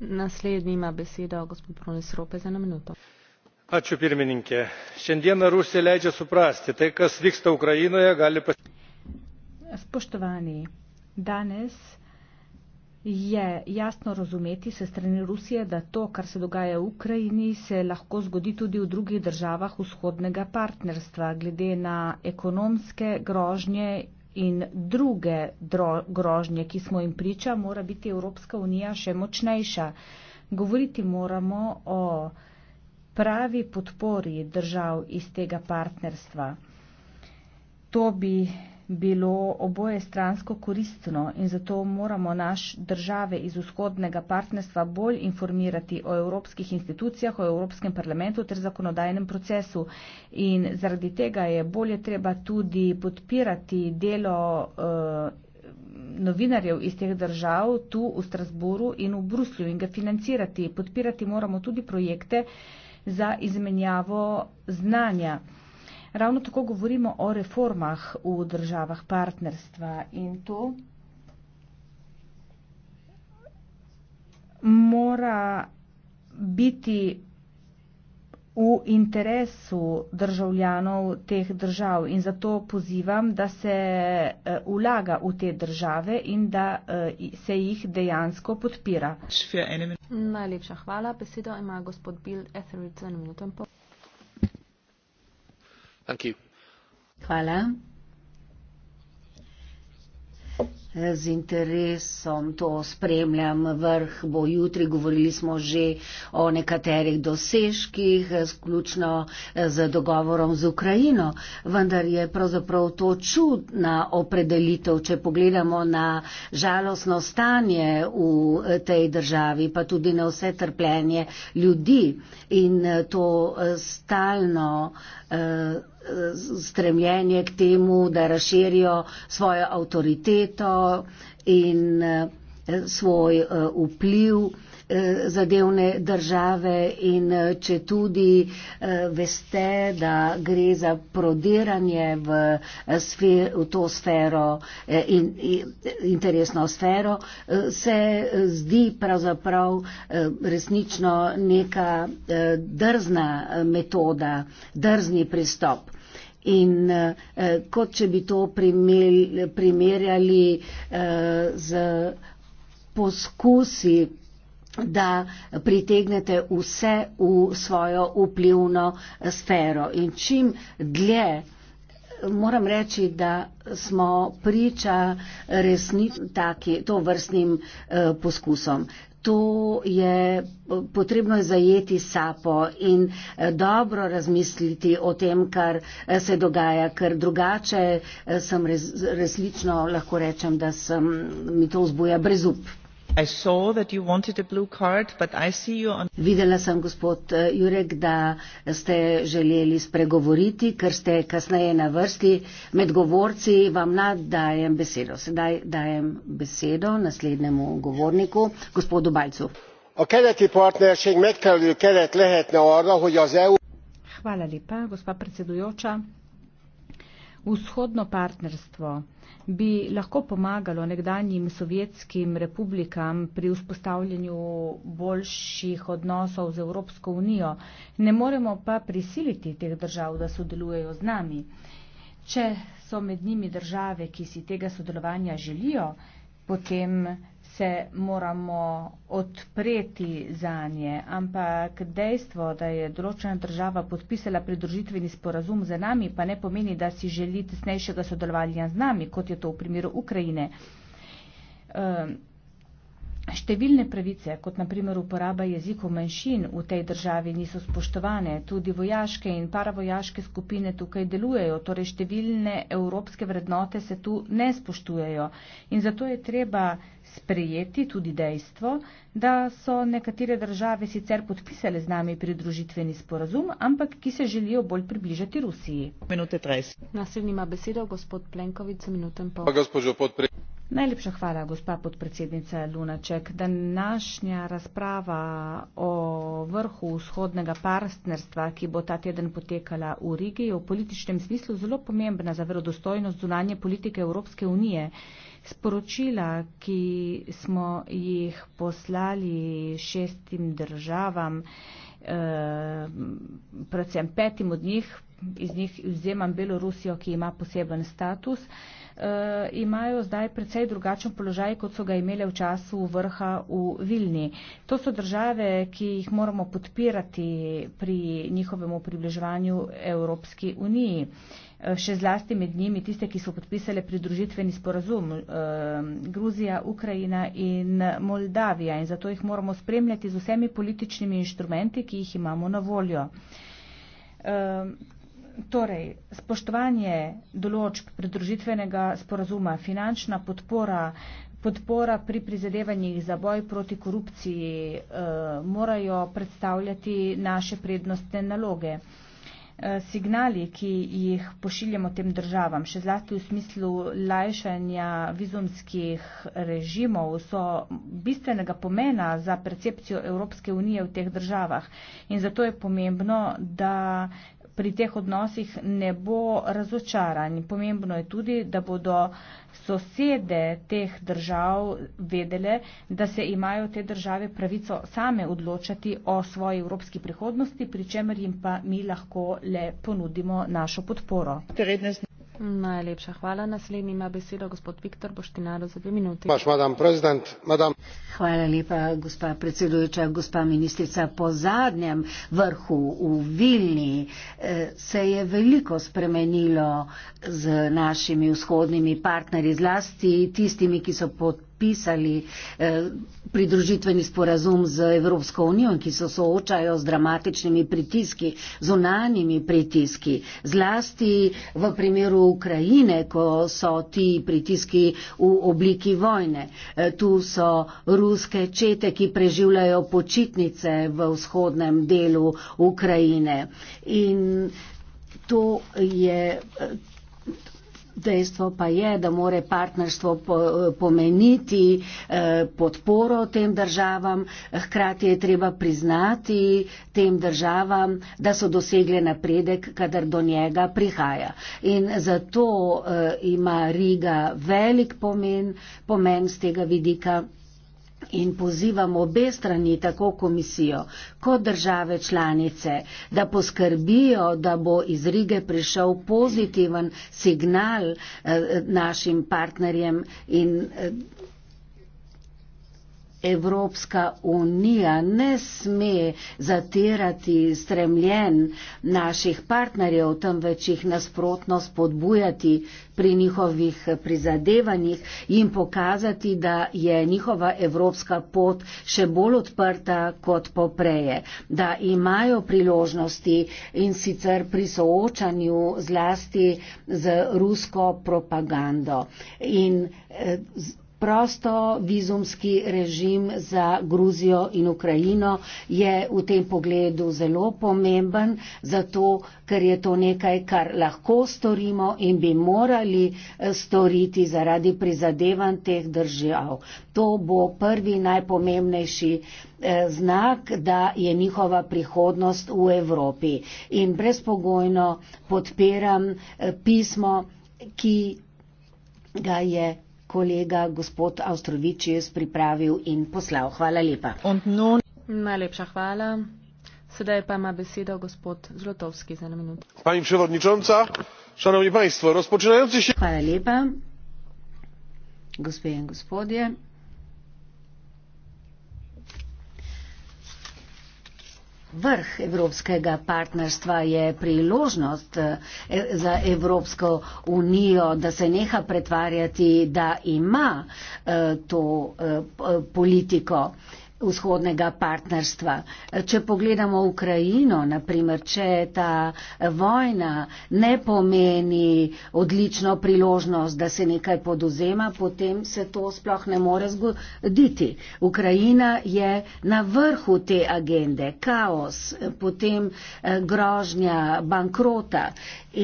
Naslednji ima besedo gospod Brunis Rope za eno minuto. Ačiū pirmininkė. Šiandieną Rusija leidžia suprasti, tai kas vyksta Ukrainoje gali pasiekti. Spoštovani, danes je jasno razumeti se strani Rusije, da to, kar se dogaja v Ukrajini, se lahko zgodi tudi v drugih državah vzhodnega partnerstva, glede na ekonomske grožnje in druge dro, grožnje, ki smo jim priča, mora biti Evropska unija še močnejša. Govoriti moramo o pravi podpori držav iz tega partnerstva. To bi bilo oboje stransko koristno in zato moramo naš države iz vzhodnega partnerstva bolj informirati o evropskih institucijah, o Evropskem parlamentu ter zakonodajnem procesu. In zaradi tega je bolje treba tudi podpirati delo eh, novinarjev iz teh držav tu v Strasburu in v Bruslju in ga financirati. Podpirati moramo tudi projekte za izmenjavo znanja. Ravno tako govorimo o reformah v državah partnerstva in to mora biti v interesu državljanov teh držav in zato pozivam, da se eh, vlaga v te države in da eh, se jih dejansko podpira. Najlepša hvala. Besedo ima gospod Bill Etheridge za eno minuto in pol. Hvala. Z interesom to spremljam. Vrh bo jutri. Govorili smo že o nekaterih dosežkih, sključno z dogovorom z Ukrajino. Vendar je pravzaprav to čudna opredelitev, če pogledamo na žalostno stanje v tej državi, pa tudi na vse trpljenje ljudi in to stalno. Eh, stremljenje k temu, da razširijo svojo avtoriteto in eh, svoj eh, vpliv eh, zadevne države in če tudi veste, da gre za prodiranje v, sfer, v to sfero, in, in, interesno sfero, se zdi pravzaprav resnično neka drzna metoda, drzni pristop. In eh, kot če bi to primel, primerjali eh, z poskusi, da pritegnete vse v svojo vplivno sfero. In čim dlje, moram reči, da smo priča resnično taki, to vrstnim eh, poskusom to je potrebno zajeti sapo in eh, dobro razmisliti o tem, kar eh, se dogaja, ker drugače eh, sem res, resnično lahko rečem, da sem, mi to vzbuja brezup. Videla sem, gospod eh, Jurek, da ste želeli spregovoriti, ker ste kasneje na vrsti med govorci. Vam nadajem besedo. Sedaj dajem besedo naslednjemu govorniku, gospodu Balcu. Hvala lepa, gospa predsedujoča vzhodno partnerstvo bi lahko pomagalo nekdanjim sovjetskim republikam pri vzpostavljanju boljših odnosov z Evropsko unijo, ne moremo pa prisiliti teh držav, da sodelujejo z nami. Če so med njimi države, ki si tega sodelovanja želijo, potem se moramo odpreti za nje. Ampak dejstvo, da je določena država podpisala pridružitveni sporazum za nami, pa ne pomeni, da si želi tesnejšega sodelovanja z nami, kot je to v primeru Ukrajine. Uh, Številne pravice, kot naprimer uporaba jezikov manjšin v tej državi, niso spoštovane, tudi vojaške in paravojaške skupine tukaj delujejo, torej številne evropske vrednote se tu ne spoštujejo in zato je treba sprejeti tudi dejstvo, da so nekatere države sicer podpisale z nami pridružitveni sporazum, ampak ki se želijo bolj približati Rusiji. Minute 30. Naslednji ima besedo gospod Plenkovic, minuten po. Pa gospod Podpre. Najlepša hvala, gospa podpredsednica Lunaček. Današnja razprava o vrhu vzhodnega partnerstva, ki bo ta teden potekala v Rigi, je v političnem smislu zelo pomembna za verodostojnost zunanje politike Evropske unije. Sporočila, ki smo jih poslali šestim državam, eh, predvsem petim od njih, iz njih vzemam Belorusijo, ki ima poseben status, uh, imajo zdaj precej drugačen položaj, kot so ga imele v času vrha v Vilni. To so države, ki jih moramo podpirati pri njihovemu približevanju Evropski uniji. Eh, še zlasti med njimi tiste, ki so podpisali pridružitveni sporazum eh, Gruzija, Ukrajina in Moldavija. In zato jih moramo spremljati z vsemi političnimi inštrumenti, ki jih imamo na voljo. Eh, Torej, spoštovanje določb predružitvenega sporazuma, finančna podpora, podpora pri prizadevanjih za boj proti korupciji eh, morajo predstavljati naše prednostne naloge. Eh, signali, ki jih pošiljamo tem državam, še zlasti v smislu lajšanja vizumskih režimov, so bistvenega pomena za percepcijo Evropske unije v teh državah. In zato je pomembno, da pri teh odnosih ne bo razočaran. Pomembno je tudi, da bodo sosede teh držav vedele, da se imajo te države pravico same odločati o svoji evropski prihodnosti, pri čemer jim pa mi lahko le ponudimo našo podporo. Trednesne. Najlepša hvala. Naslednji ima besedo gospod Viktor Boštinaro za dve minuti. Baš, madam, madam. Hvala lepa, gospa predsedujoča, gospa ministrica. Po zadnjem vrhu v Vilni eh, se je veliko spremenilo z našimi vzhodnimi partnerji, zlasti tistimi, ki so potrebni podpisali eh, pridružitveni sporazum z Evropsko unijo, ki se soočajo z dramatičnimi pritiski, zunanjimi pritiski, zlasti v primeru Ukrajine, ko so ti pritiski v obliki vojne. Eh, tu so ruske čete, ki preživljajo počitnice v vzhodnem delu Ukrajine. In to je. Dejstvo pa je, da more partnerstvo pomeniti eh, podporo tem državam, hkrati je treba priznati tem državam, da so dosegle napredek, kadar do njega prihaja. In zato eh, ima Riga velik pomen, pomen z tega vidika in pozivam obe strani, tako komisijo kot države članice, da poskrbijo, da bo iz Rige prišel pozitiven signal eh, našim partnerjem in eh, Evropska unija ne sme zatirati stremljen naših partnerjev, temveč jih nasprotno spodbujati pri njihovih prizadevanjih in pokazati, da je njihova evropska pot še bolj odprta kot popreje, da imajo priložnosti in sicer pri soočanju zlasti z rusko propagando. In, eh, prosto vizumski režim za Gruzijo in Ukrajino je v tem pogledu zelo pomemben, zato ker je to nekaj, kar lahko storimo in bi morali eh, storiti zaradi prizadevanj teh držav. To bo prvi najpomembnejši eh, znak, da je njihova prihodnost v Evropi. In brezpogojno podpiram eh, pismo, ki ga je kolega gospod Avstrovičius pripravil in poslal. Hvala lepa. Nun... Najlepša hvala. Sedaj pa ima besedo gospod Zlotovski za eno minuto. Pani predsednica, šanovni państwo, rozpočinajoči se. Hvala lepa, gospe in gospodje. Vrh evropskega partnerstva je priložnost eh, za Evropsko unijo, da se neha pretvarjati, da ima eh, to eh, politiko vzhodnega partnerstva. Če pogledamo Ukrajino, naprimer, če ta vojna ne pomeni odlično priložnost, da se nekaj poduzema, potem se to sploh ne more zgoditi. Ukrajina je na vrhu te agende, kaos, potem eh, grožnja, bankrota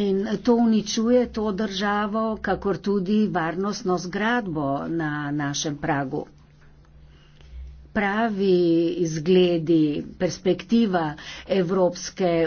in to uničuje to državo, kakor tudi varnostno zgradbo na našem pragu pravi izgledi, perspektiva evropske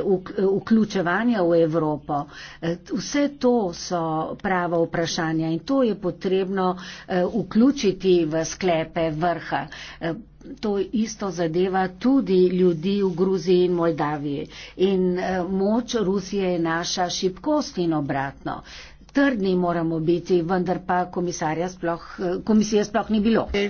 vključevanja v Evropo. E, vse to so prava vprašanja in to je potrebno e, vključiti v sklepe vrha. E, to isto zadeva tudi ljudi v Gruziji in Moldaviji. In moč Rusije je naša šibkost in obratno. Trdni moramo biti, vendar pa sploh, komisije sploh ni bilo. Okay.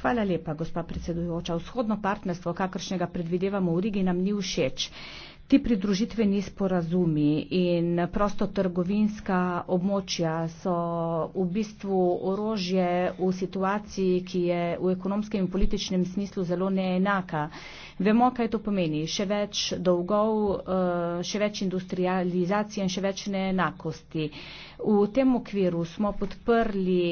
Hvala lepa, gospa predsedujoča. Vzhodno partnerstvo, kakršnega predvidevamo v Rigi, nam ni všeč. Ti pridružitveni sporazumi in prostotrgovinska območja so v bistvu orožje v situaciji, ki je v ekonomskem in političnem smislu zelo neenaka. Vemo, kaj to pomeni. Še več dolgov, eh, še več industrializacije in še več neenakosti. V tem okviru smo podprli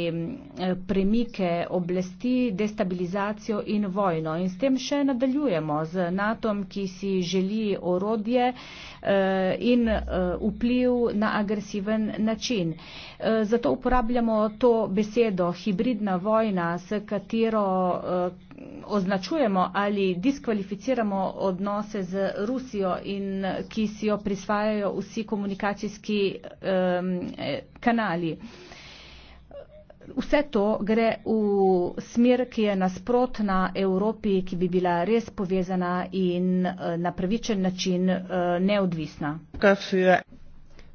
eh, premike oblasti, destabilizacijo in vojno in s tem še nadaljujemo z NATO-om, ki si želi orodje eh, in eh, vpliv na agresiven način. Zato uporabljamo to besedo hibridna vojna, s katero označujemo ali diskvalificiramo odnose z Rusijo in ki si jo prisvajajo vsi komunikacijski um, kanali. Vse to gre v smer, ki je nasprotna Evropi, ki bi bila res povezana in eh, na pravičen način eh, neodvisna.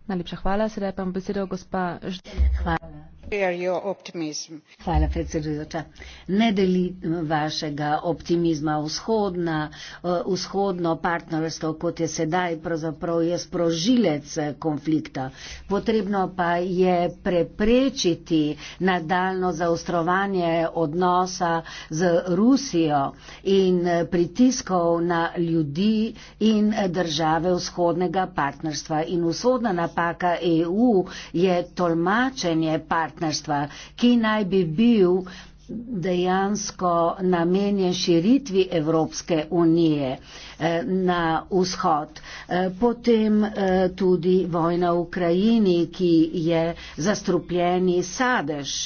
Najlepša hvala, sedaj pa vam besedo gospa Ždenek. Hvala. Hvala, predsedujoča. Ne delim eh, vašega optimizma. Vzhodna, eh, vzhodno partnerstvo, kot je sedaj, pravzaprav je sprožilec eh, konflikta. Potrebno pa je preprečiti nadaljno zaostrovanje odnosa z Rusijo in pritiskov na ljudi in države vzhodnega partnerstva. In vzhodna napaka EU je tolmačenje partnerstva partnerstva, ki naj bi bil dejansko namenjen širitvi Evropske unije eh, na vzhod. Eh, potem eh, tudi vojna v Ukrajini, ki je zastrupljeni sadež.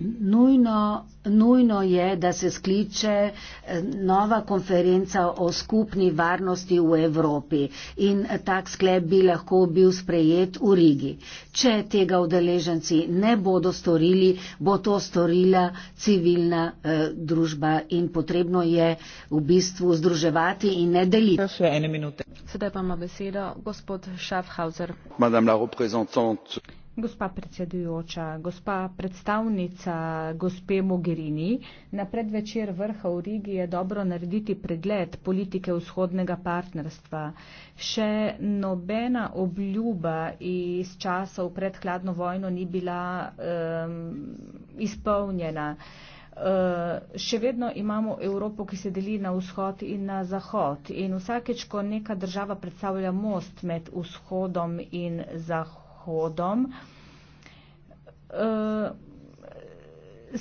Nujno, nujno je, da se skliče eh, nova konferenca o skupni varnosti v Evropi in tak sklep bi lahko bil sprejet v Rigi. Če tega udeleženci ne bodo storili, bo to storila civilna eh, družba in potrebno je v bistvu združevati in ne deliti. Sedaj pa ima besedo gospod Schaffhauser. Gospa predsedujoča, gospa predstavnica gospe Mogherini, na predvečer vrha v Rigi je dobro narediti pregled politike vzhodnega partnerstva. Še nobena obljuba iz časa v predhladno vojno ni bila um, izpolnjena. Eh, še vedno imamo Evropo, ki se deli na vzhod in na zahod. In vsakeč, ko neka država predstavlja most med vzhodom in zahodom, hodom, eh,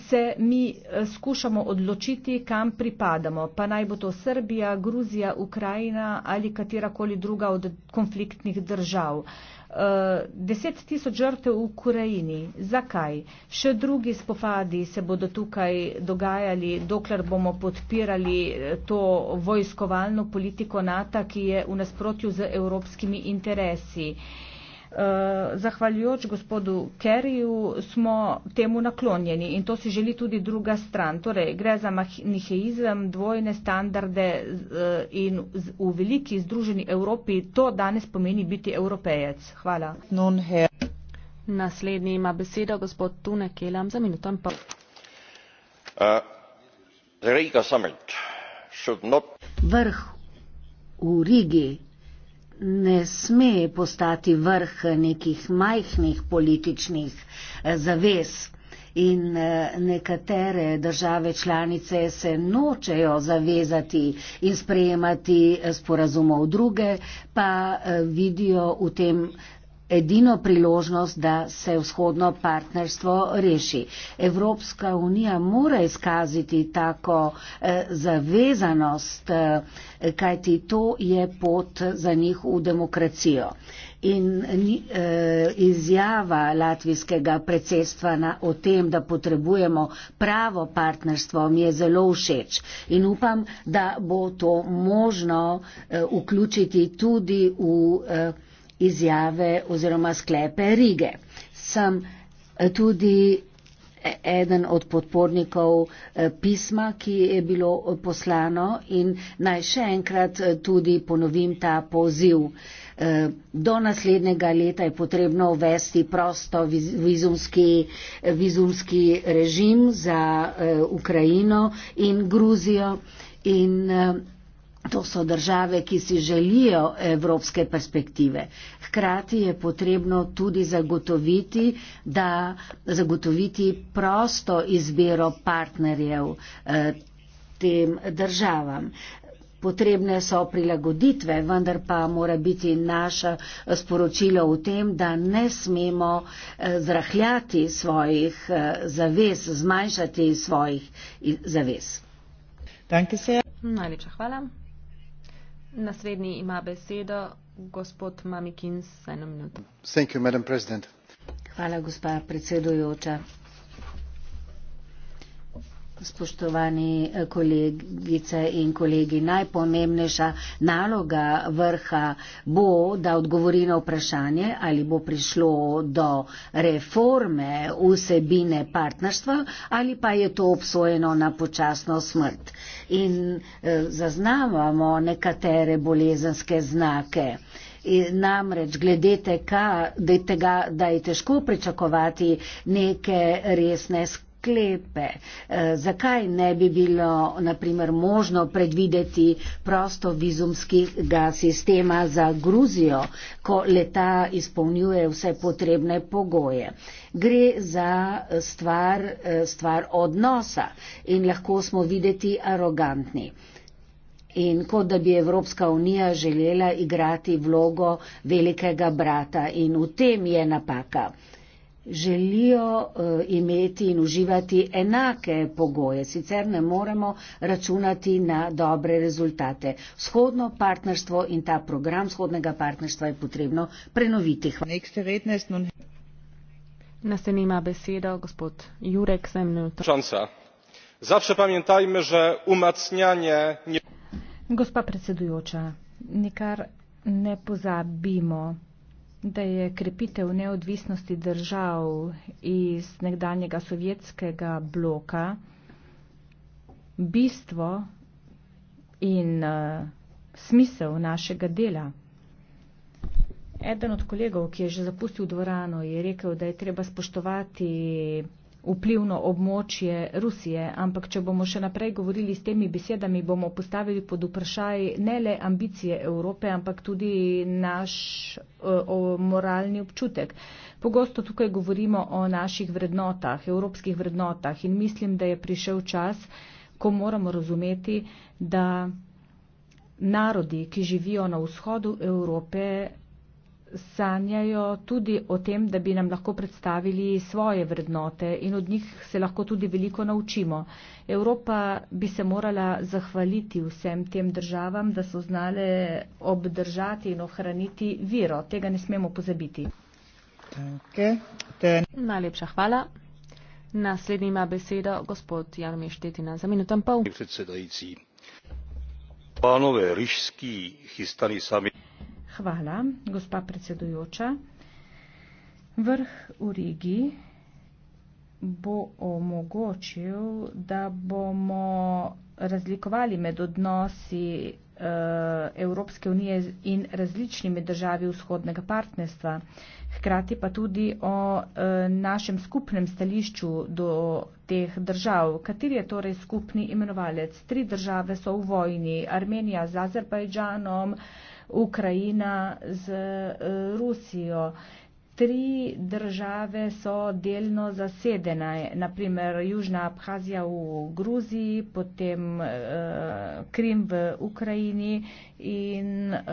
se mi eh, skušamo odločiti, kam pripadamo. Pa naj bo to Srbija, Gruzija, Ukrajina ali katerakoli druga od konfliktnih držav. Eh, deset tisoč žrtev v Ukrajini. Zakaj? Še drugi spopadi se bodo tukaj dogajali, dokler bomo podpirali to vojskovalno politiko NATO, ki je v nasprotju z evropskimi interesi. Uh, Eh, zahvaljujoč gospodu Kerryju smo temu naklonjeni in to si želi tudi druga stran. Torej, gre za niheizem, dvojne standarde eh, in v veliki združeni Evropi to danes pomeni biti evropejec. Hvala. Naslednji ima besedo gospod Tune Kelam za minuto in pol. Uh, Vrh v Rigi ne sme postati vrh nekih majhnih političnih eh, zaves. In eh, nekatere države članice se nočejo zavezati in sprejemati eh, sporazumov, druge pa vidijo v tem edino priložnost, da se vzhodno partnerstvo reši. Evropska unija mora izkaziti tako eh, zavezanost, eh, kajti to je pot za njih v demokracijo. In eh, izjava latvijskega predsedstva na, o tem, da potrebujemo pravo partnerstvo, mi je zelo všeč. In upam, da bo to možno eh, vključiti tudi v. Eh, izjave oziroma sklepe Rige. Sem eh, tudi e, eden od podpornikov eh, pisma, ki je bilo eh, poslano in naj še enkrat tudi ponovim ta poziv. Do naslednjega leta je potrebno uvesti prosto vizumski, vizumski režim za Ukrajino in Gruzijo in To so države, ki si želijo evropske perspektive. Hkrati je potrebno tudi zagotoviti, da, zagotoviti prosto izbiro partnerjev eh, tem državam. Potrebne so prilagoditve, vendar pa mora biti naša sporočila v tem, da ne smemo eh, zrahljati svojih eh, zavez, zmanjšati svojih eh, zavez. Najlepša hvala. Naslednji ima besedo gospod Mamikins za eno minuto. Hvala, gospa predsedujoča. Spoštovani eh, kolegice in kolegi, najpomembnejša naloga vrha bo, da odgovori na vprašanje, ali bo prišlo do reforme vsebine partnerstva ali pa je to obsojeno na počasno smrt. In e, zaznavamo nekatere bolezenske znake. Namreč glede tega, da je težko pričakovati neke resne skupine sklepe, eh, zakaj ne bi bilo naprimer možno predvideti prosto vizumskega sistema za Gruzijo, ko leta izpolnjuje vse potrebne pogoje. Gre za eh, stvar, eh, stvar odnosa in lahko smo videti arogantni. In kot da bi Evropska unija želela igrati vlogo velikega brata in v tem je napaka želijo uh, imeti in uživati enake pogoje, sicer ne moremo računati na dobre rezultate. Vzhodno partnerstvo in ta program vzhodnega partnerstva je potrebno prenoviti. Naslednja beseda, gospod Jurek, sem neutralna. Zawsze pamiętajmy, że umacnianie. Nie... Gospa predsedujoča, nikar ne pozabimo da je krepitev neodvisnosti držav iz nekdanjega sovjetskega bloka bistvo in uh, smisel našega dela. Eden od kolegov, ki je že zapustil dvorano, je rekel, da je treba spoštovati vplivno območje Rusije, ampak če bomo še naprej govorili s temi besedami, bomo postavili pod vprašaj ne le ambicije Evrope, ampak tudi naš o, eh, o, moralni občutek. Pogosto tukaj govorimo o naših vrednotah, evropskih vrednotah in mislim, da je prišel čas, ko moramo razumeti, da narodi, ki živijo na vzhodu Evrope, sanjajo tudi o tem, da bi nam lahko predstavili svoje vrednote in od njih se lahko tudi veliko naučimo. Evropa bi se morala zahvaliti vsem tem državam, da so znale obdržati in ohraniti viro. Tega ne smemo pozabiti. Okay. Najlepša hvala. Naslednji ima besedo gospod Jarmiš Tetina za minuto in pol. Panove, rižski, histani sami. Hvala, gospa predsedujoča. Vrh v Rigi bo omogočil, da bomo razlikovali med odnosi eh, Evropske unije in različnimi državi vzhodnega partnerstva, hkrati pa tudi o eh, našem skupnem stališču do teh držav. Kateri je torej skupni imenovalec? Tri države so v vojni, Armenija z Azerbajdžanom, Ukrajina z e, Rusijo. Tri države so delno zasedene, naprimer Južna Abhazija v Gruziji, potem eh, Krim v Ukrajini in eh,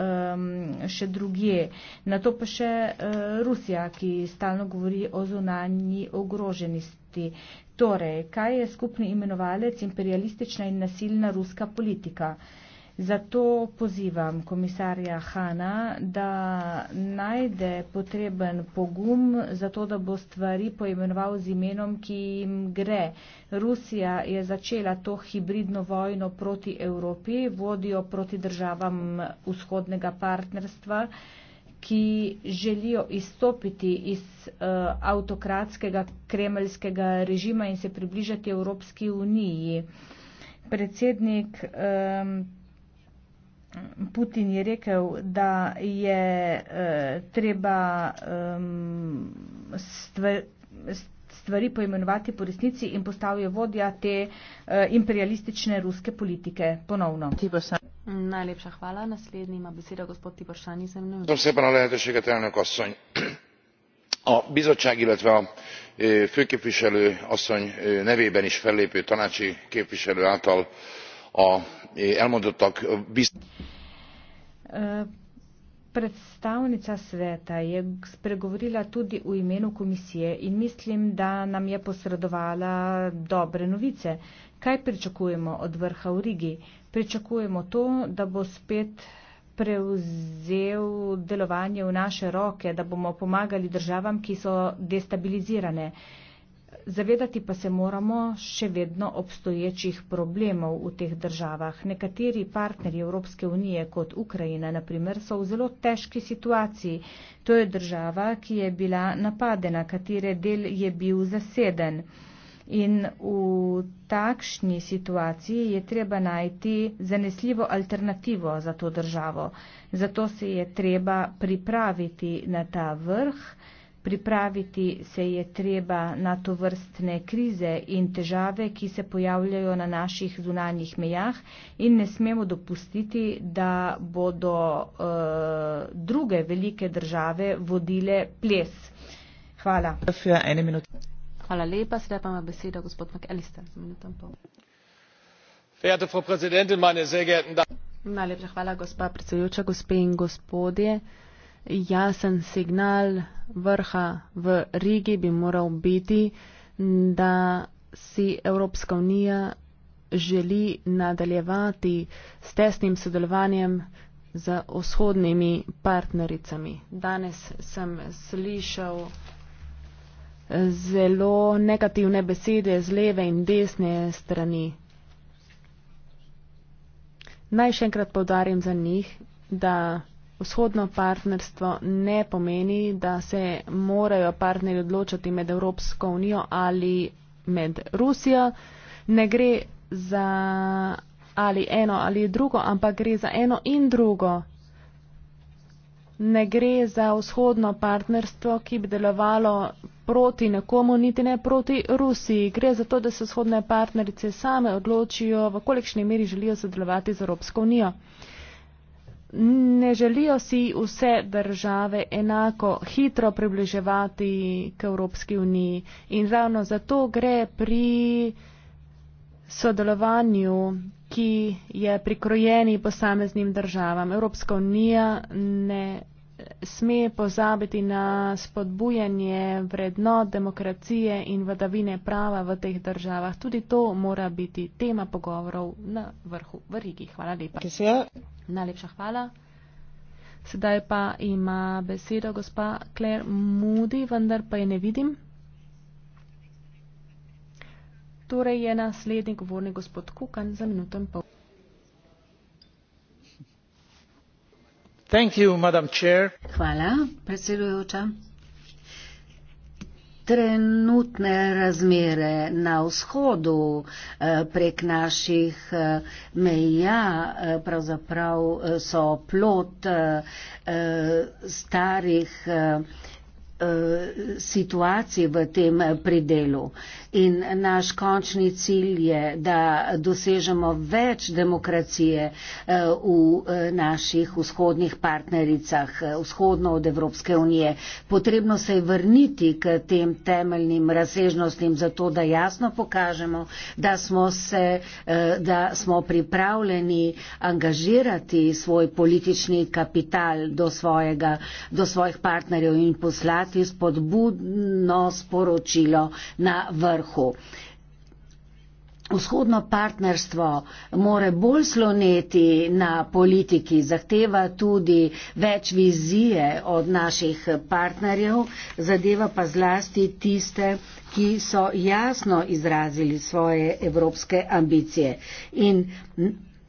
še druge. Na to pa še eh, Rusija, ki stalno govori o zunanji ogroženosti. Torej, kaj je skupni imenovalec imperialistična in nasilna ruska politika? Eh, Zato pozivam komisarja Hana, da najde potreben pogum za to, da bo stvari poimenoval z imenom, ki jim gre. Rusija je začela to hibridno vojno proti Evropi, vodijo proti državam vzhodnega partnerstva ki želijo izstopiti iz uh, avtokratskega kremeljskega režima in se približati Evropski uniji. Predsednik um, Putin je rekel, da je eh, treba eh, stvari poimenovati po resnici in postal je vodja te eh, imperialistične ruske politike ponovno. Najlepša hvala. Naslednji ima beseda gospod Tiborsan iz Zemljevida. Köszönöm a lehetőséget, elnök asszony. A bizottság, illetve a eh, főképviselő asszony eh, nevében is fellépő tanácsi képviselő által Eh, elmondottak eh, eh, Predstavnica sveta je spregovorila tudi v imenu komisije in mislim, da nam je posredovala dobre novice. Kaj pričakujemo od vrha v Rigi? Pričakujemo to, da bo spet prevzel delovanje v naše roke, da bomo pomagali državam, ki so destabilizirane zavedati pa se moramo še vedno obstoječih problemov v teh državah. Nekateri partnerji Evropske unije, kot Ukrajina, naprimer, so v zelo težki situaciji. To je država, ki je bila napadena, katere del je bil zaseden. In v takšni situaciji je treba najti zanesljivo alternativo za to državo. Zato se je treba pripraviti na ta vrh. Pripraviti se je treba na to vrstne krize in težave, ki se pojavljajo na naših zunanjih mejah in ne smemo dopustiti, da bodo e, druge velike države vodile ples. Hvala. Hvala lepa, sedaj pa ima besedo gospod McAllister. Najlepša hvala, gospa predsedujoča, gospe in gospodje jasen signal vrha v Rigi bi moral biti, da si Evropska unija želi nadaljevati s tesnim sodelovanjem z vzhodnimi partnericami. Danes sem slišal zelo negativne besede z leve in desne strani. Naj še enkrat povdarim za njih, da Vzhodno partnerstvo ne pomeni, da se morajo partnerji odločati med Evropsko unijo ali med Rusijo. Ne gre za ali eno ali drugo, ampak gre za eno in drugo. Ne gre za vzhodno partnerstvo, ki bi delovalo proti nekomu, niti ne proti Rusiji. Gre za to, da se vzhodne partnerice same odločijo, v kolikšni meri želijo sodelovati z Evropsko unijo ne želijo si vse države enako hitro približevati k Evropski uniji in ravno zato gre pri sodelovanju, ki je prikrojeni posameznim državam. Evropska unija ne sme pozabiti na spodbujanje vrednot demokracije in vladavine prava v teh državah. Tudi to mora biti tema pogovorov na vrhu v Rigi. Hvala lepa. Najlepša hvala. Sedaj pa ima besedo gospa Claire Moody, vendar pa je ne vidim. Torej je naslednji govornik gospod Kukan za minuto in pol. trenutne razmere na vzhodu eh, prek naših eh, meja eh, pravzaprav so plot starih situacij v tem predelu. In naš končni cilj je, da dosežemo več demokracije eh, v eh, naših vzhodnih partnericah, eh, vzhodno od Evropske unije. Potrebno se je vrniti k tem temeljnim razsežnostim, zato da jasno pokažemo, da smo, se, da smo pripravljeni angažirati svoj politični kapital do, svojega, do svojih partnerjev in poslati dati spodbudno sporočilo na vrhu. Vzhodno partnerstvo more bolj sloneti na politiki, zahteva tudi več vizije od naših partnerjev, zadeva pa zlasti tiste, ki so jasno izrazili svoje evropske ambicije. In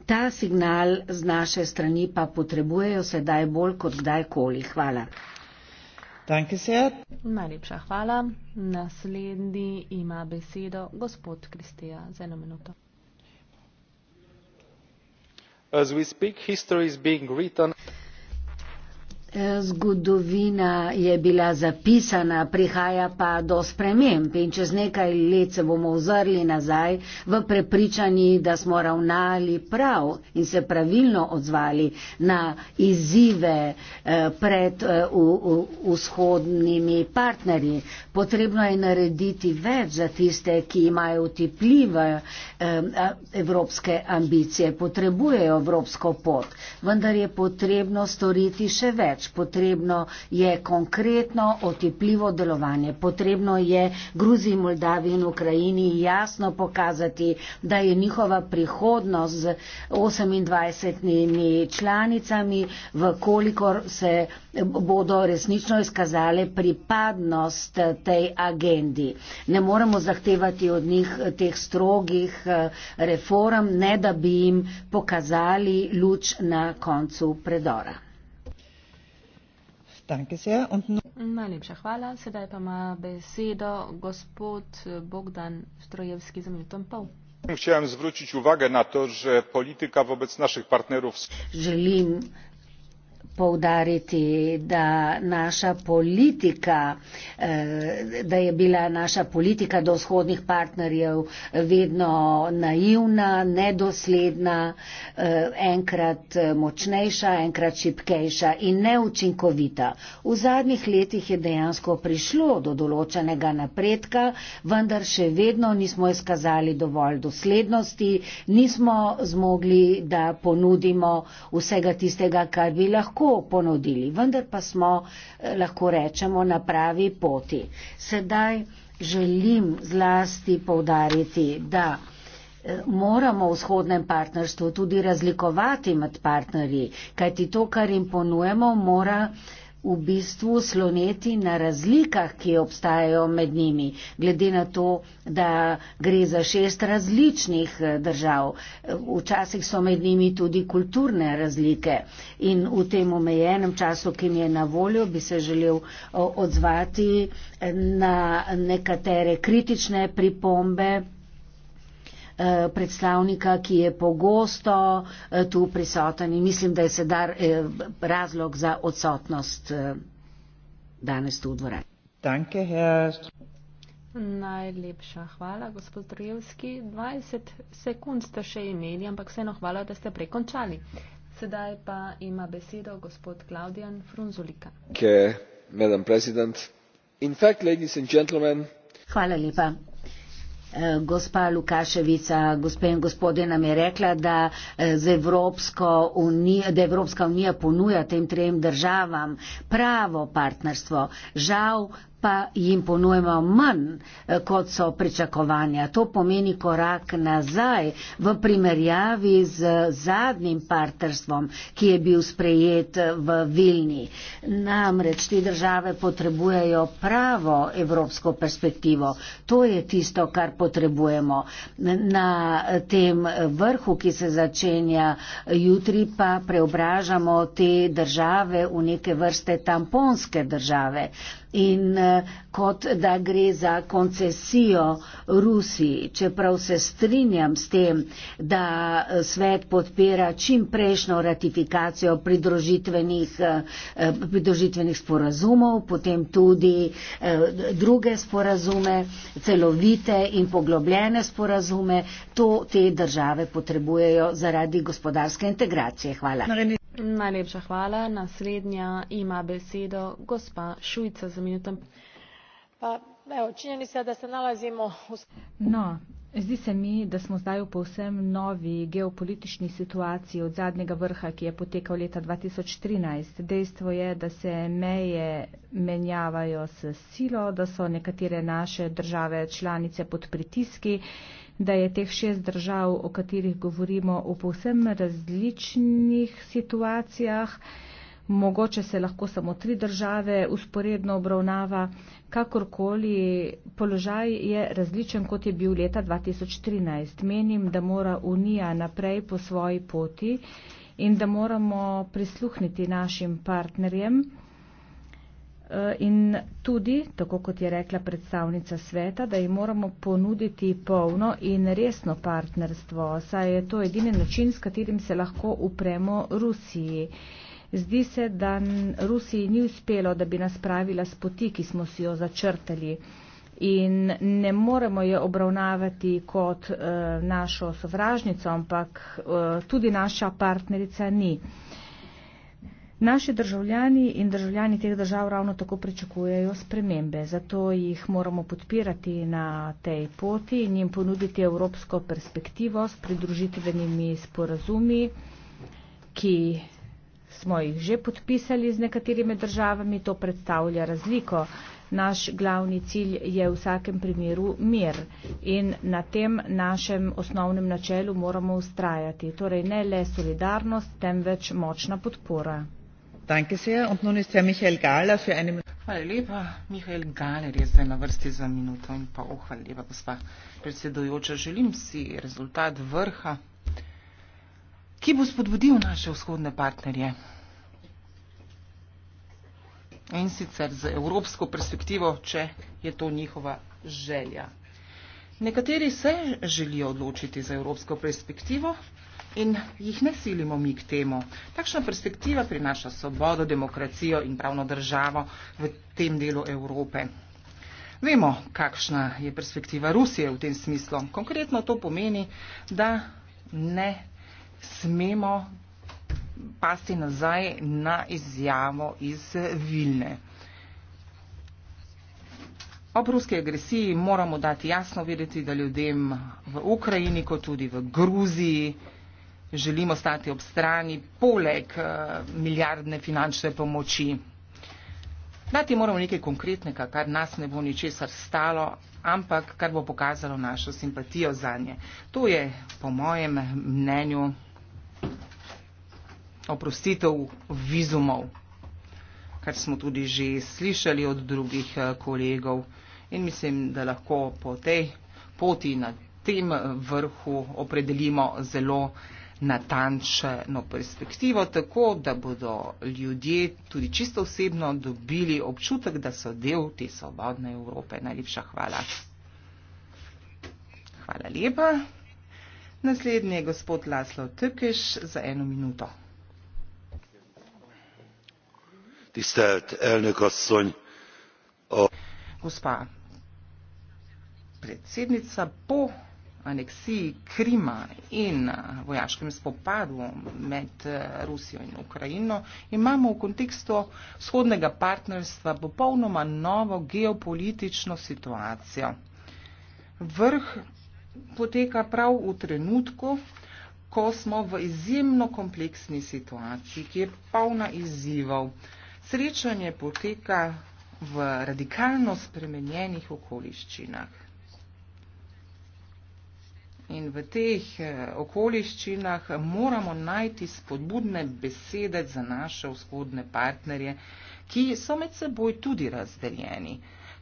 ta signal z naše strani pa potrebujejo sedaj bolj kot kdajkoli. Hvala. Danke sehr. Najlepša hvala. Naslednji ima besedo gospod Kristija za eno minuto. As we speak, history is being written. Zgodovina je bila zapisana, prihaja pa do sprememb in čez nekaj let se bomo ozrli nazaj v prepričanji, da smo ravnali prav in se pravilno odzvali na izzive eh, pred eh, vzhodnimi partnerji. Potrebno je narediti več za tiste, ki imajo utipljive eh, evropske ambicije, potrebujejo evropsko pot, vendar je potrebno storiti še več potrebno je konkretno otepljivo delovanje. Potrebno je Gruziji, Moldaviji in Ukrajini jasno pokazati, da je njihova prihodnost z 28 članicami, vkolikor se bodo resnično izkazale pripadnost tej agendi. Ne moramo zahtevati od njih teh strogih eh, reform, ne da bi jim pokazali luč na koncu predora. Najlepša hvala. Sedaj pa ima besedo gospod Bogdan Strojevski za minuto in pol. Želim zvrčiti uvage na to, že politika vobec naših partnerov. Želim poudariti, da, naša politika, eh, da je bila naša politika do vzhodnih partnerjev vedno naivna, nedosledna, eh, enkrat eh, močnejša, enkrat šipkejša in neučinkovita. V zadnjih letih je dejansko prišlo do določenega napredka, vendar še vedno nismo izkazali dovolj doslednosti, nismo zmogli, da ponudimo vsega tistega, kar bi lahko lahko ponudili, vendar pa smo, eh, lahko rečemo, na pravi poti. Sedaj želim zlasti povdariti, da eh, moramo v vzhodnem partnerstvu tudi razlikovati med partnerji, kajti to, kar jim ponujemo, mora v bistvu sloneti na razlikah, ki obstajajo med njimi, glede na to, da gre za šest različnih eh, držav. Včasih so med njimi tudi kulturne razlike in v tem omejenem času, ki mi je na voljo, bi se želel eh, odzvati eh, na nekatere kritične pripombe Eh, predstavnika, ki je pogosto eh, tu prisoten in mislim, da je sedaj eh, razlog za odsotnost danes tu v dvorani. Danke, Najlepša hvala, gospod Trojevski. 20 sekund ste še imeli, ampak vseeno hvala, da ste prekončali. Sedaj pa ima besedo gospod Klaudijan Frunzulika. Okay, Hvala lepa, Eh, gospa Lukaševica, gospe in gospodje, nam je rekla, da, eh, unijo, da Evropska unija ponuja tem trem državam pravo partnerstvo. Žal pa jim ponujamo manj, eh, kot so pričakovanja. To pomeni korak nazaj v primerjavi z zadnjim partnerstvom, ki je bil sprejet eh, v Vilni. Namreč te države potrebujejo pravo evropsko perspektivo. To je tisto, kar potrebujemo. Na eh, tem vrhu, ki se začenja jutri, pa preobražamo te države v neke vrste tamponske države in eh, kot da gre za koncesijo Rusiji, čeprav se strinjam s tem, da eh, svet podpira čim prejšnjo ratifikacijo pridružitvenih, eh, pridružitvenih sporazumov, potem tudi druge sporazume, celovite in poglobljene sporazume, to te države potrebujejo zaradi gospodarske integracije. Hvala. Naredi. Najlepša hvala. Naslednja ima besedo gospa Šujca za minutom. Pa, evo, činjeni se, da se nalazimo v... No, zdi se mi, da smo zdaj v povsem novi geopolitični situaciji od zadnjega vrha, ki je potekal leta 2013. Dejstvo je, da se meje menjavajo s silo, da so nekatere naše države članice pod pritiski da je teh šest držav, o katerih govorimo, v povsem različnih situacijah. Mogoče se lahko samo tri države usporedno obravnava, kakorkoli položaj je različen, kot je bil leta 2013. Menim, da mora Unija naprej po svoji poti in da moramo prisluhniti našim partnerjem. Eh, in tudi, tako kot je rekla predstavnica sveta, da jim moramo ponuditi polno in resno partnerstvo, saj je to edini način, s katerim se lahko upremo Rusiji. Zdi se, da Rusiji ni uspelo, da bi nas pravila s poti, ki smo si jo začrtali. In ne moremo jo obravnavati kot e, našo sovražnico, ampak e, tudi naša partnerica ni. E, Naši državljani in državljani teh držav ravno tako pričakujejo spremembe, zato jih moramo podpirati na tej poti in jim ponuditi evropsko perspektivo s pridružitvenimi sporazumi, ki smo jih že podpisali z nekaterimi državami. To predstavlja razliko. Naš glavni cilj je v vsakem primeru mir in na tem našem osnovnem načelu moramo ustrajati. Torej ne le solidarnost, temveč močna podpora. Hvala lepa. Mihael Galer je zdaj na vrsti za minuto in pol. Oh, hvala lepa, gospa predsedujoča. Želim si rezultat vrha, ki bo spodbudil naše vzhodne partnerje. In sicer z evropsko perspektivo, če je to njihova želja. Nekateri se želijo odločiti za evropsko perspektivo, in jih ne silimo mi k temu. Takšna perspektiva prinaša svobodo, demokracijo in pravno državo v tem delu Evrope. Vemo, kakšna je perspektiva Rusije v tem smislu. Konkretno to pomeni, da ne smemo pasti nazaj na izjavo iz Vilne. Ob ruske agresiji moramo dati jasno vedeti, da ljudem v Ukrajini, kot tudi v Gruziji, želimo stati ob strani poleg uh, milijardne finančne pomoči. Dati moramo nekaj konkretnega, kar nas ne bo ničesar stalo, ampak kar bo pokazalo našo simpatijo za nje. To je, po mojem mnenju, oprostitev vizumov, kar smo tudi že slišali od drugih eh, kolegov in mislim, da lahko po tej poti na tem eh, vrhu opredelimo zelo natančno perspektivo, tako da bodo ljudje tudi čisto osebno dobili občutek, da so del te svobodne Evrope. Najlepša hvala. Hvala lepa. Naslednji je gospod Laslo Tkeš za eno minuto. Tistelt, elnök asszony, a... Gospa predsednica, po aneksiji Krima in eh, vojaškem spopadu med eh, Rusijo in Ukrajino, imamo v kontekstu vzhodnega partnerstva popolnoma novo geopolitično situacijo. Vrh poteka prav v trenutku, ko smo v izjemno kompleksni situaciji, ki je polna izzivov. Srečanje poteka v radikalno spremenjenih okoliščinah. In v teh eh, okoliščinah moramo najti spodbudne besede za naše vzhodne partnerje, ki so med seboj tudi razdeljeni,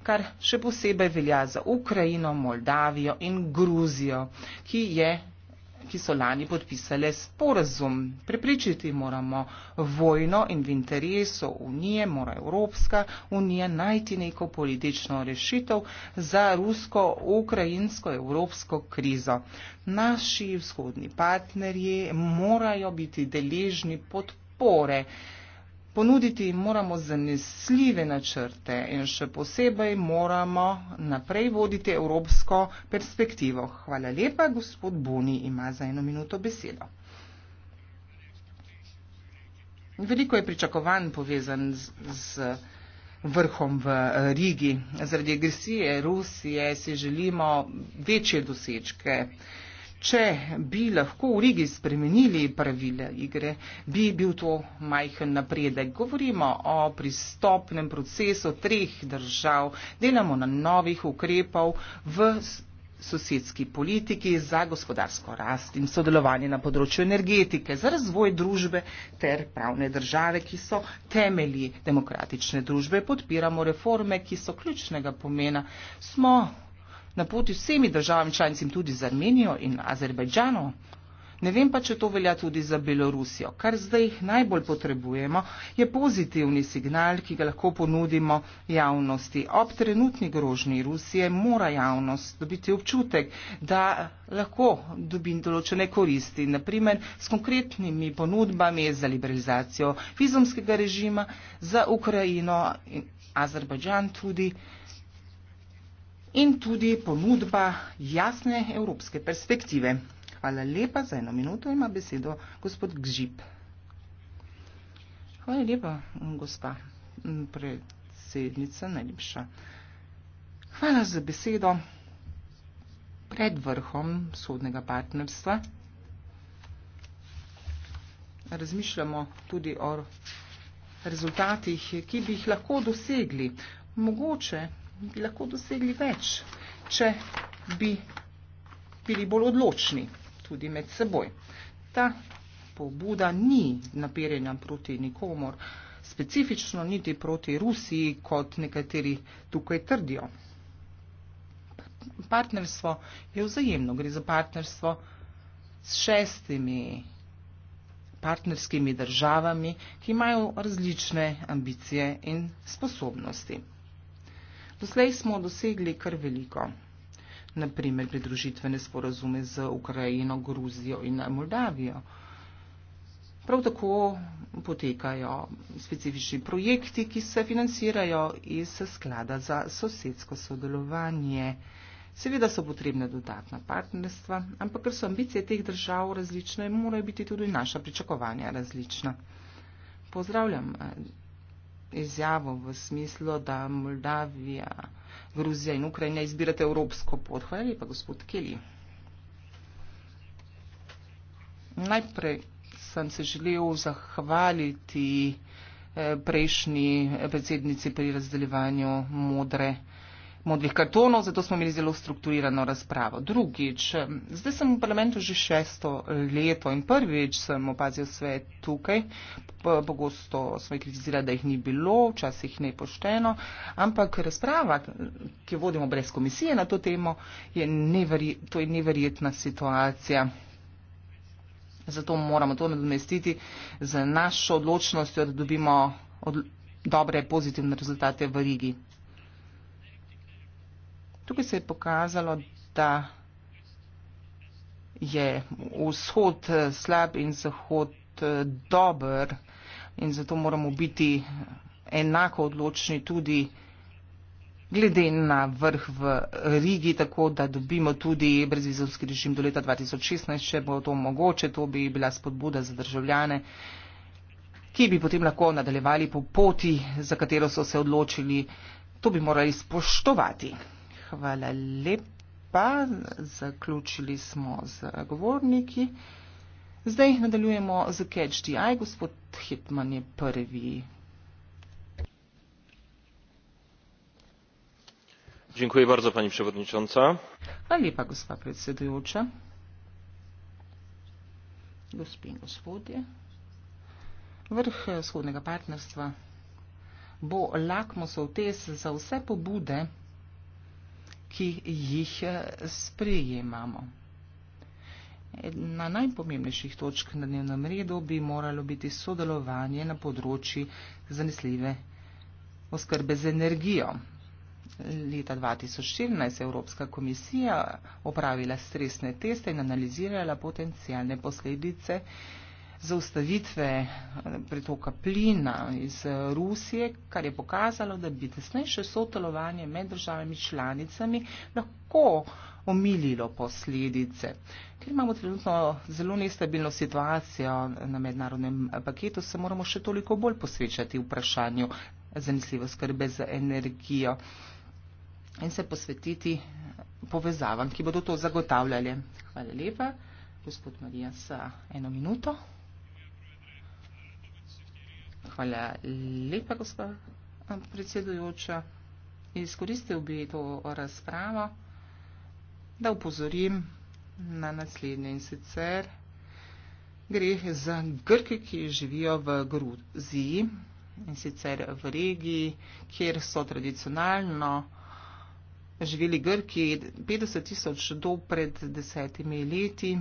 kar še posebej velja za Ukrajino, Moldavijo in Gruzijo, ki je ki so lani podpisale sporazum. Prepričiti moramo vojno in v interesu Unije, mora Evropska unija najti neko politično rešitev za rusko-ukrajinsko-evropsko krizo. Naši vzhodni partnerji morajo biti deležni podpore. Ponuditi moramo zanesljive načrte in še posebej moramo naprej voditi evropsko perspektivo. Hvala lepa, gospod Boni ima za eno minuto besedo. Veliko je pričakovanj povezan z, z vrhom v eh, Rigi. Zaradi agresije Rusije si želimo večje dosečke. Če bi lahko v Rigi spremenili pravile igre, bi bil to majhen napredek. Govorimo o pristopnem procesu treh držav, delamo na novih ukrepov v sosedski politiki za gospodarsko rast in sodelovanje na področju energetike, za razvoj družbe ter pravne države, ki so temelji demokratične družbe. Podpiramo reforme, ki so ključnega pomena. Smo na poti vsemi državami članicim tudi z Armenijo in Azerbajdžanom. Ne vem pa, če to velja tudi za Belorusijo. Kar zdaj najbolj potrebujemo, je pozitivni signal, ki ga lahko ponudimo javnosti. Ob trenutni grožnji Rusije mora javnost dobiti občutek, da lahko dobim določene koristi, naprimer s konkretnimi ponudbami za liberalizacijo vizumskega režima za Ukrajino in Azerbajdžan tudi in tudi ponudba jasne evropske perspektive. Hvala lepa, za eno minuto ima besedo gospod Gžip. Hvala lepa, gospa predsednica, najljepša. Hvala za besedo pred vrhom sodnega partnerstva. Razmišljamo tudi o rezultatih, ki bi jih lahko dosegli. Mogoče bi lahko dosegli več, če bi bili bolj odločni tudi med seboj. Ta pobuda ni naperjena proti nikomor, specifično niti proti Rusiji, kot nekateri tukaj trdijo. Partnerstvo je vzajemno, gre za partnerstvo s šestimi partnerskimi državami, ki imajo različne ambicije in sposobnosti. Doslej smo dosegli kar veliko. Naprimer, pridružitvene sporazume z Ukrajino, Gruzijo in Moldavijo. Prav tako potekajo specifični projekti, ki se financirajo iz sklada za sosedsko sodelovanje. Seveda so potrebne dodatna partnerstva, ampak ker so ambicije teh držav različne, morajo biti tudi naša pričakovanja različna. Pozdravljam eh, izjavo v smislu, da Moldavija, Gruzija in Ukrajina izbirate evropsko pot. Hvala lepa, gospod Keli. Najprej sem se želel zahvaliti eh, prejšnji eh, predsednici pri razdeljevanju modre modrih kartonov, zato smo imeli zelo strukturirano razpravo. Drugič, zdaj sem v parlamentu že šesto leto in prvič sem opazil svet tukaj. Pogosto smo jih kritizirali, da jih ni bilo, včasih nepošteno, ampak razprava, ki jo vodimo brez komisije na to temo, je, neveri, to je neverjetna situacija. Zato moramo to nadomestiti z našo odločnostjo, da dobimo od, dobre pozitivne rezultate v Rigi. Tukaj se je pokazalo, da je vzhod eh, slab in zahod eh, dober in zato moramo biti enako odločni tudi glede na vrh v Rigi, tako da dobimo tudi brezvizovski režim do leta 2016, če bo to mogoče, to bi bila spodbuda za državljane, ki bi potem lahko nadaljevali po poti, za katero so se odločili, to bi morali spoštovati hvala lepa. Zaključili smo z govorniki. Zdaj jih nadaljujemo z Catch the Eye. Gospod Hitman je prvi. Dziękuję bardzo Pani Przewodnicząca. Hvala lepa, gospa predsedujoča. Gospe in gospodje, vrh shodnega partnerstva bo lakmusov test za vse pobude, ki jih eh, sprejemamo. Na najpomembnejših točk na dnevnem redu bi moralo biti sodelovanje na področji zanesljive oskrbe z energijo. Leta 2014 je Evropska komisija opravila stresne teste in analizirala potencijalne posledice zaustavitve eh, pretoka plina iz eh, Rusije, kar je pokazalo, da bi tesnejše sotelovanje med državami članicami lahko omililo posledice. Ker imamo trenutno zelo nestabilno situacijo na mednarodnem paketu, se moramo še toliko bolj posvečati vprašanju zanesljivo skrbe za energijo in se posvetiti eh, povezavam, ki bodo to zagotavljali. Hvala lepa, gospod Marija, za eno minuto. Hvala lepa, gospod predsedujoča. Izkoristil bi to razpravo, da upozorim na naslednje in sicer gre za Grke, ki živijo v Gruziji in sicer v regiji, kjer so tradicionalno živeli Grki 50 tisoč do pred desetimi leti.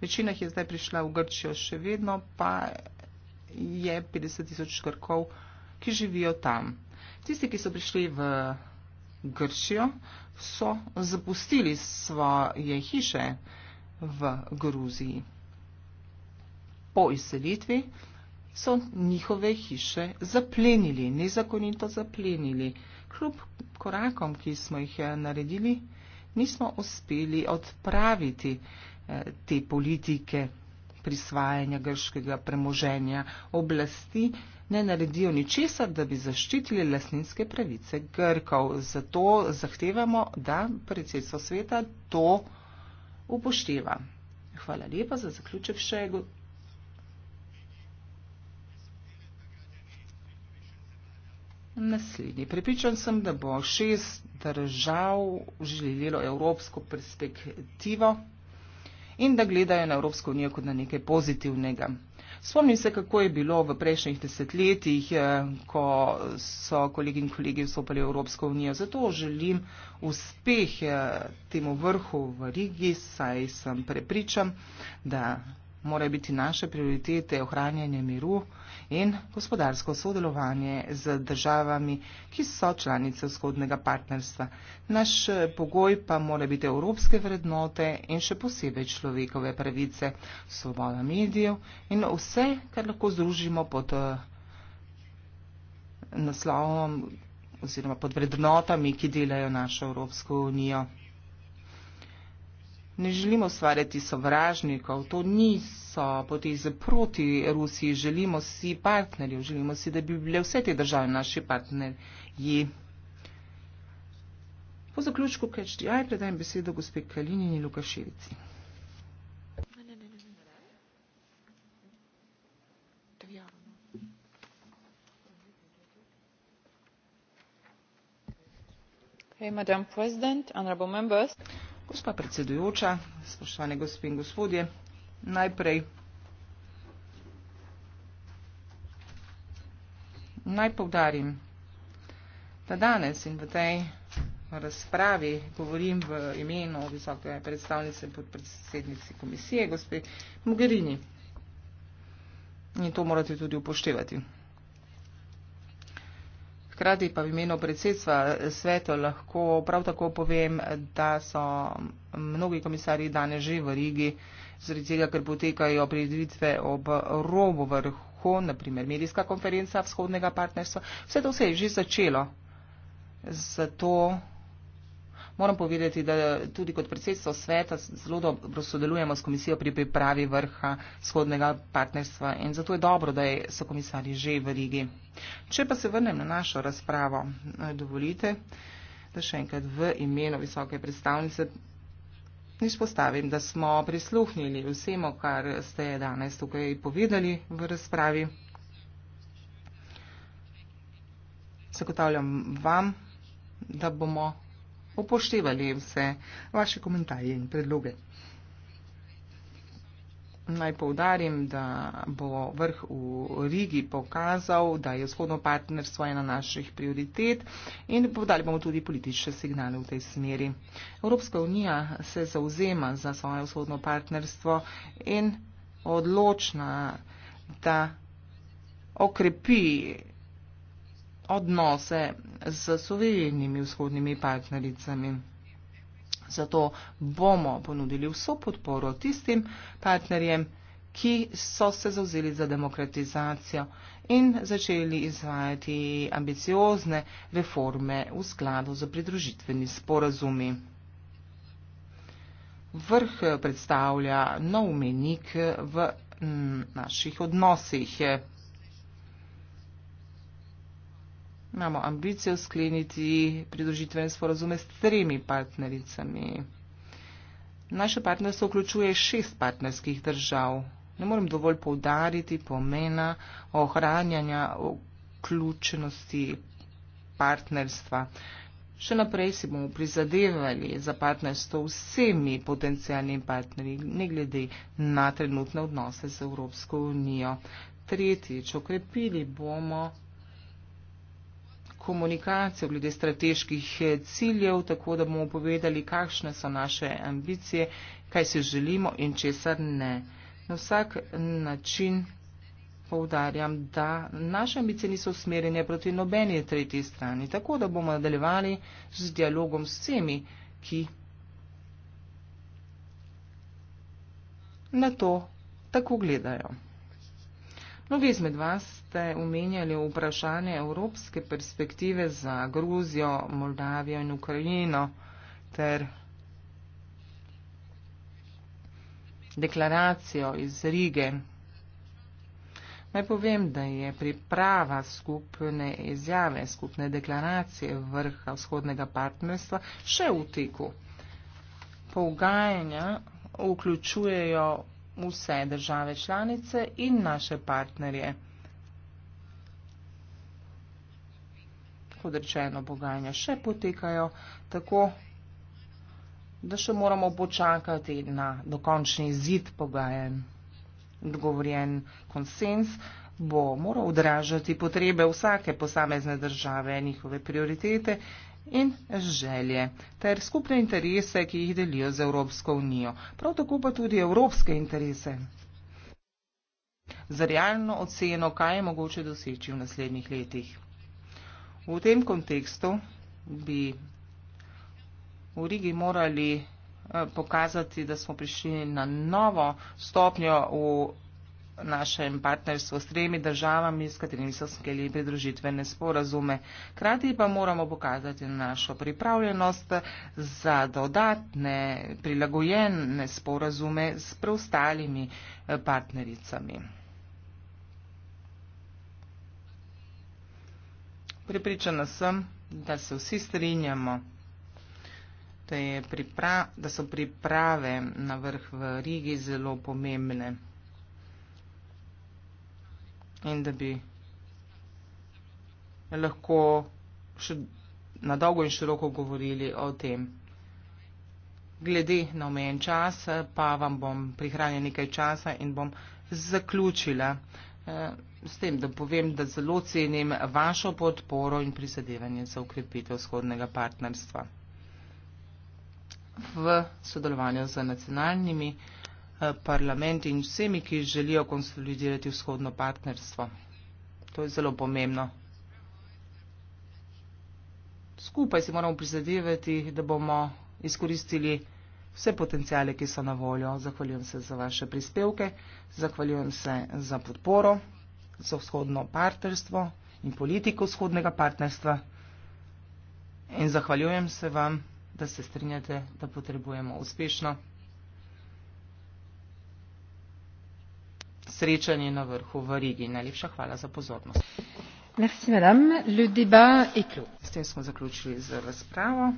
Večina jih je zdaj prišla v Grčijo, še vedno pa je je 50 tisoč Grkov, ki živijo tam. Tisti, ki so prišli v Grčijo, so zapustili svoje hiše v Gruziji. Po izselitvi so njihove hiše zaplenili, nezakonito zaplenili. Kljub korakom, ki smo jih eh, naredili, nismo uspeli odpraviti eh, te politike prisvajanja grškega premoženja oblasti, ne naredijo ničesar, da bi zaščitili lasninske pravice Grkov. Zato zahtevamo, da predsedstvo sveta to upošteva. Hvala lepa za zaključek še. Naslednji. Pripričan sem, da bo šest držav želelo evropsko perspektivo in da gledajo na Evropsko unijo kot na nekaj pozitivnega. Spomnim se, kako je bilo v prejšnjih desetletjih, eh, ko so kolegi in kolegi vstopali v Evropsko unijo. Zato želim uspeh eh, temu vrhu v Rigi, saj sem prepričan, da morajo biti naše prioritete ohranjanje miru in gospodarsko sodelovanje z državami, ki so članice vzhodnega partnerstva. Naš eh, pogoj pa mora biti evropske vrednote in še posebej človekove pravice, svoboda medijev in vse, kar lahko združimo pod eh, naslovom oziroma pod vrednotami, ki delajo našo Evropsko unijo. Ne želimo stvarjati sovražnikov, to ni so poteze proti Rusiji, želimo si partnerjev, želimo si, da bi bile vse te države naši partnerji. Po zaključku KHDI predajem besedo gospe Kalinini Lukaševici. Hey, gospa predsedujoča, spoštovane gospe in gospodje, najprej naj povdarim, da danes in v tej razpravi govorim v imenu visoke predstavnice podpredsednice komisije, gospe Mogherini. In to morate tudi upoštevati. Hkrati pa v imenu predsedstva sveta lahko prav tako povem, da so mnogi komisarji danes že v Rigi zaradi tega, ker potekajo predvidve ob robu vrhu, naprimer medijska konferenca vzhodnega partnerstva. Vse to se je že začelo. Zato moram povedati, da tudi kot predsedstvo sveta zelo dobro sodelujemo s komisijo pri pripravi vrha vzhodnega partnerstva in zato je dobro, da so komisari že v Rigi. Če pa se vrnem na našo razpravo, dovolite, da še enkrat v imenu visoke predstavnice izpostavim, da smo prisluhnili vsemu, kar ste danes tukaj povedali v razpravi. Zagotavljam vam, da bomo upoštevali vse vaše komentarje in predloge. Naj povdarim, da bo vrh v Rigi pokazal, da je vzhodno partnerstvo ena naših prioritet in povdali bomo tudi politične signale v tej smeri. Evropska unija se zauzema za svoje vzhodno partnerstvo in odločna, da okrepi odnose z sovejenimi vzhodnimi partnericami. Zato bomo ponudili vso podporo tistim partnerjem, ki so se zauzeli za demokratizacijo in začeli izvajati ambiciozne reforme v skladu z pridružitveni sporazumi. Vrh predstavlja nov menik v naših odnosih. imamo ambicijo skleniti pridružitvene sporozume s tremi partnericami. Naše partnerstvo vključuje šest partnerskih držav. Ne morem dovolj povdariti pomena ohranjanja vključenosti partnerstva. Še naprej si bomo prizadevali za partnerstvo vsemi potencijalnimi partnerji, ne glede na trenutne odnose z Evropsko unijo. Tretjič, okrepili bomo komunikacijo glede strateških eh, ciljev, tako da bomo povedali, kakšne so naše ambicije, kaj si želimo in česar ne. Na vsak način povdarjam, da naše ambicije niso usmerjene proti nobeni tretji strani, tako da bomo nadaljevali z dialogom s vsemi, ki. Na to tako gledajo. Mnogi izmed vas ste omenjali vprašanje evropske perspektive za Gruzijo, Moldavijo in Ukrajino ter deklaracijo iz Rige. Naj povem, da je priprava skupne izjave, skupne deklaracije vrha vzhodnega partnerstva še v teku. Pogajanja vključujejo vse države članice in naše partnerje. Kot rečeno, pogajanja še potekajo, tako da še moramo počakati na dokončni zid pogajanj. Dogovorjen konsens bo moral odražati potrebe vsake posamezne države, njihove prioritete in želje ter skupne interese, ki jih delijo z Evropsko unijo, prav tako pa tudi evropske interese. Za realno oceno, kaj je mogoče doseči v naslednjih letih. V tem kontekstu bi v Rigi morali eh, pokazati, da smo prišli na novo stopnjo v našem partnerstvu s tremi državami, s katerimi so skeli pridružitvene sporazume. Krati pa moramo pokazati našo pripravljenost za dodatne prilagojene sporazume s preostalimi eh, partnericami. Pripričana sem, da se vsi strinjamo, da, je pripra da so priprave na vrh v Rigi zelo pomembne in da bi lahko še na dolgo in široko govorili o tem. Glede na omejen čas, eh, pa vam bom prihranila nekaj časa in bom zaključila eh, s tem, da povem, da zelo cenim vašo podporo in prizadevanje za ukrepitev vzhodnega partnerstva v sodelovanju z nacionalnimi partnerstvami parlament in vsemi, ki želijo konsolidirati vzhodno partnerstvo. To je zelo pomembno. Skupaj si moramo prizadevati, da bomo izkoristili vse potencijale, ki so na voljo. Zahvaljujem se za vaše prispevke, zahvaljujem se za podporo, za vzhodno partnerstvo in politiko vzhodnega partnerstva in zahvaljujem se vam, da se strinjate, da potrebujemo uspešno. srečanje na vrhu v Rigi. Najlepša hvala za pozornost. Merci, madame. Le débat est clos. S tem smo zaključili z razpravo.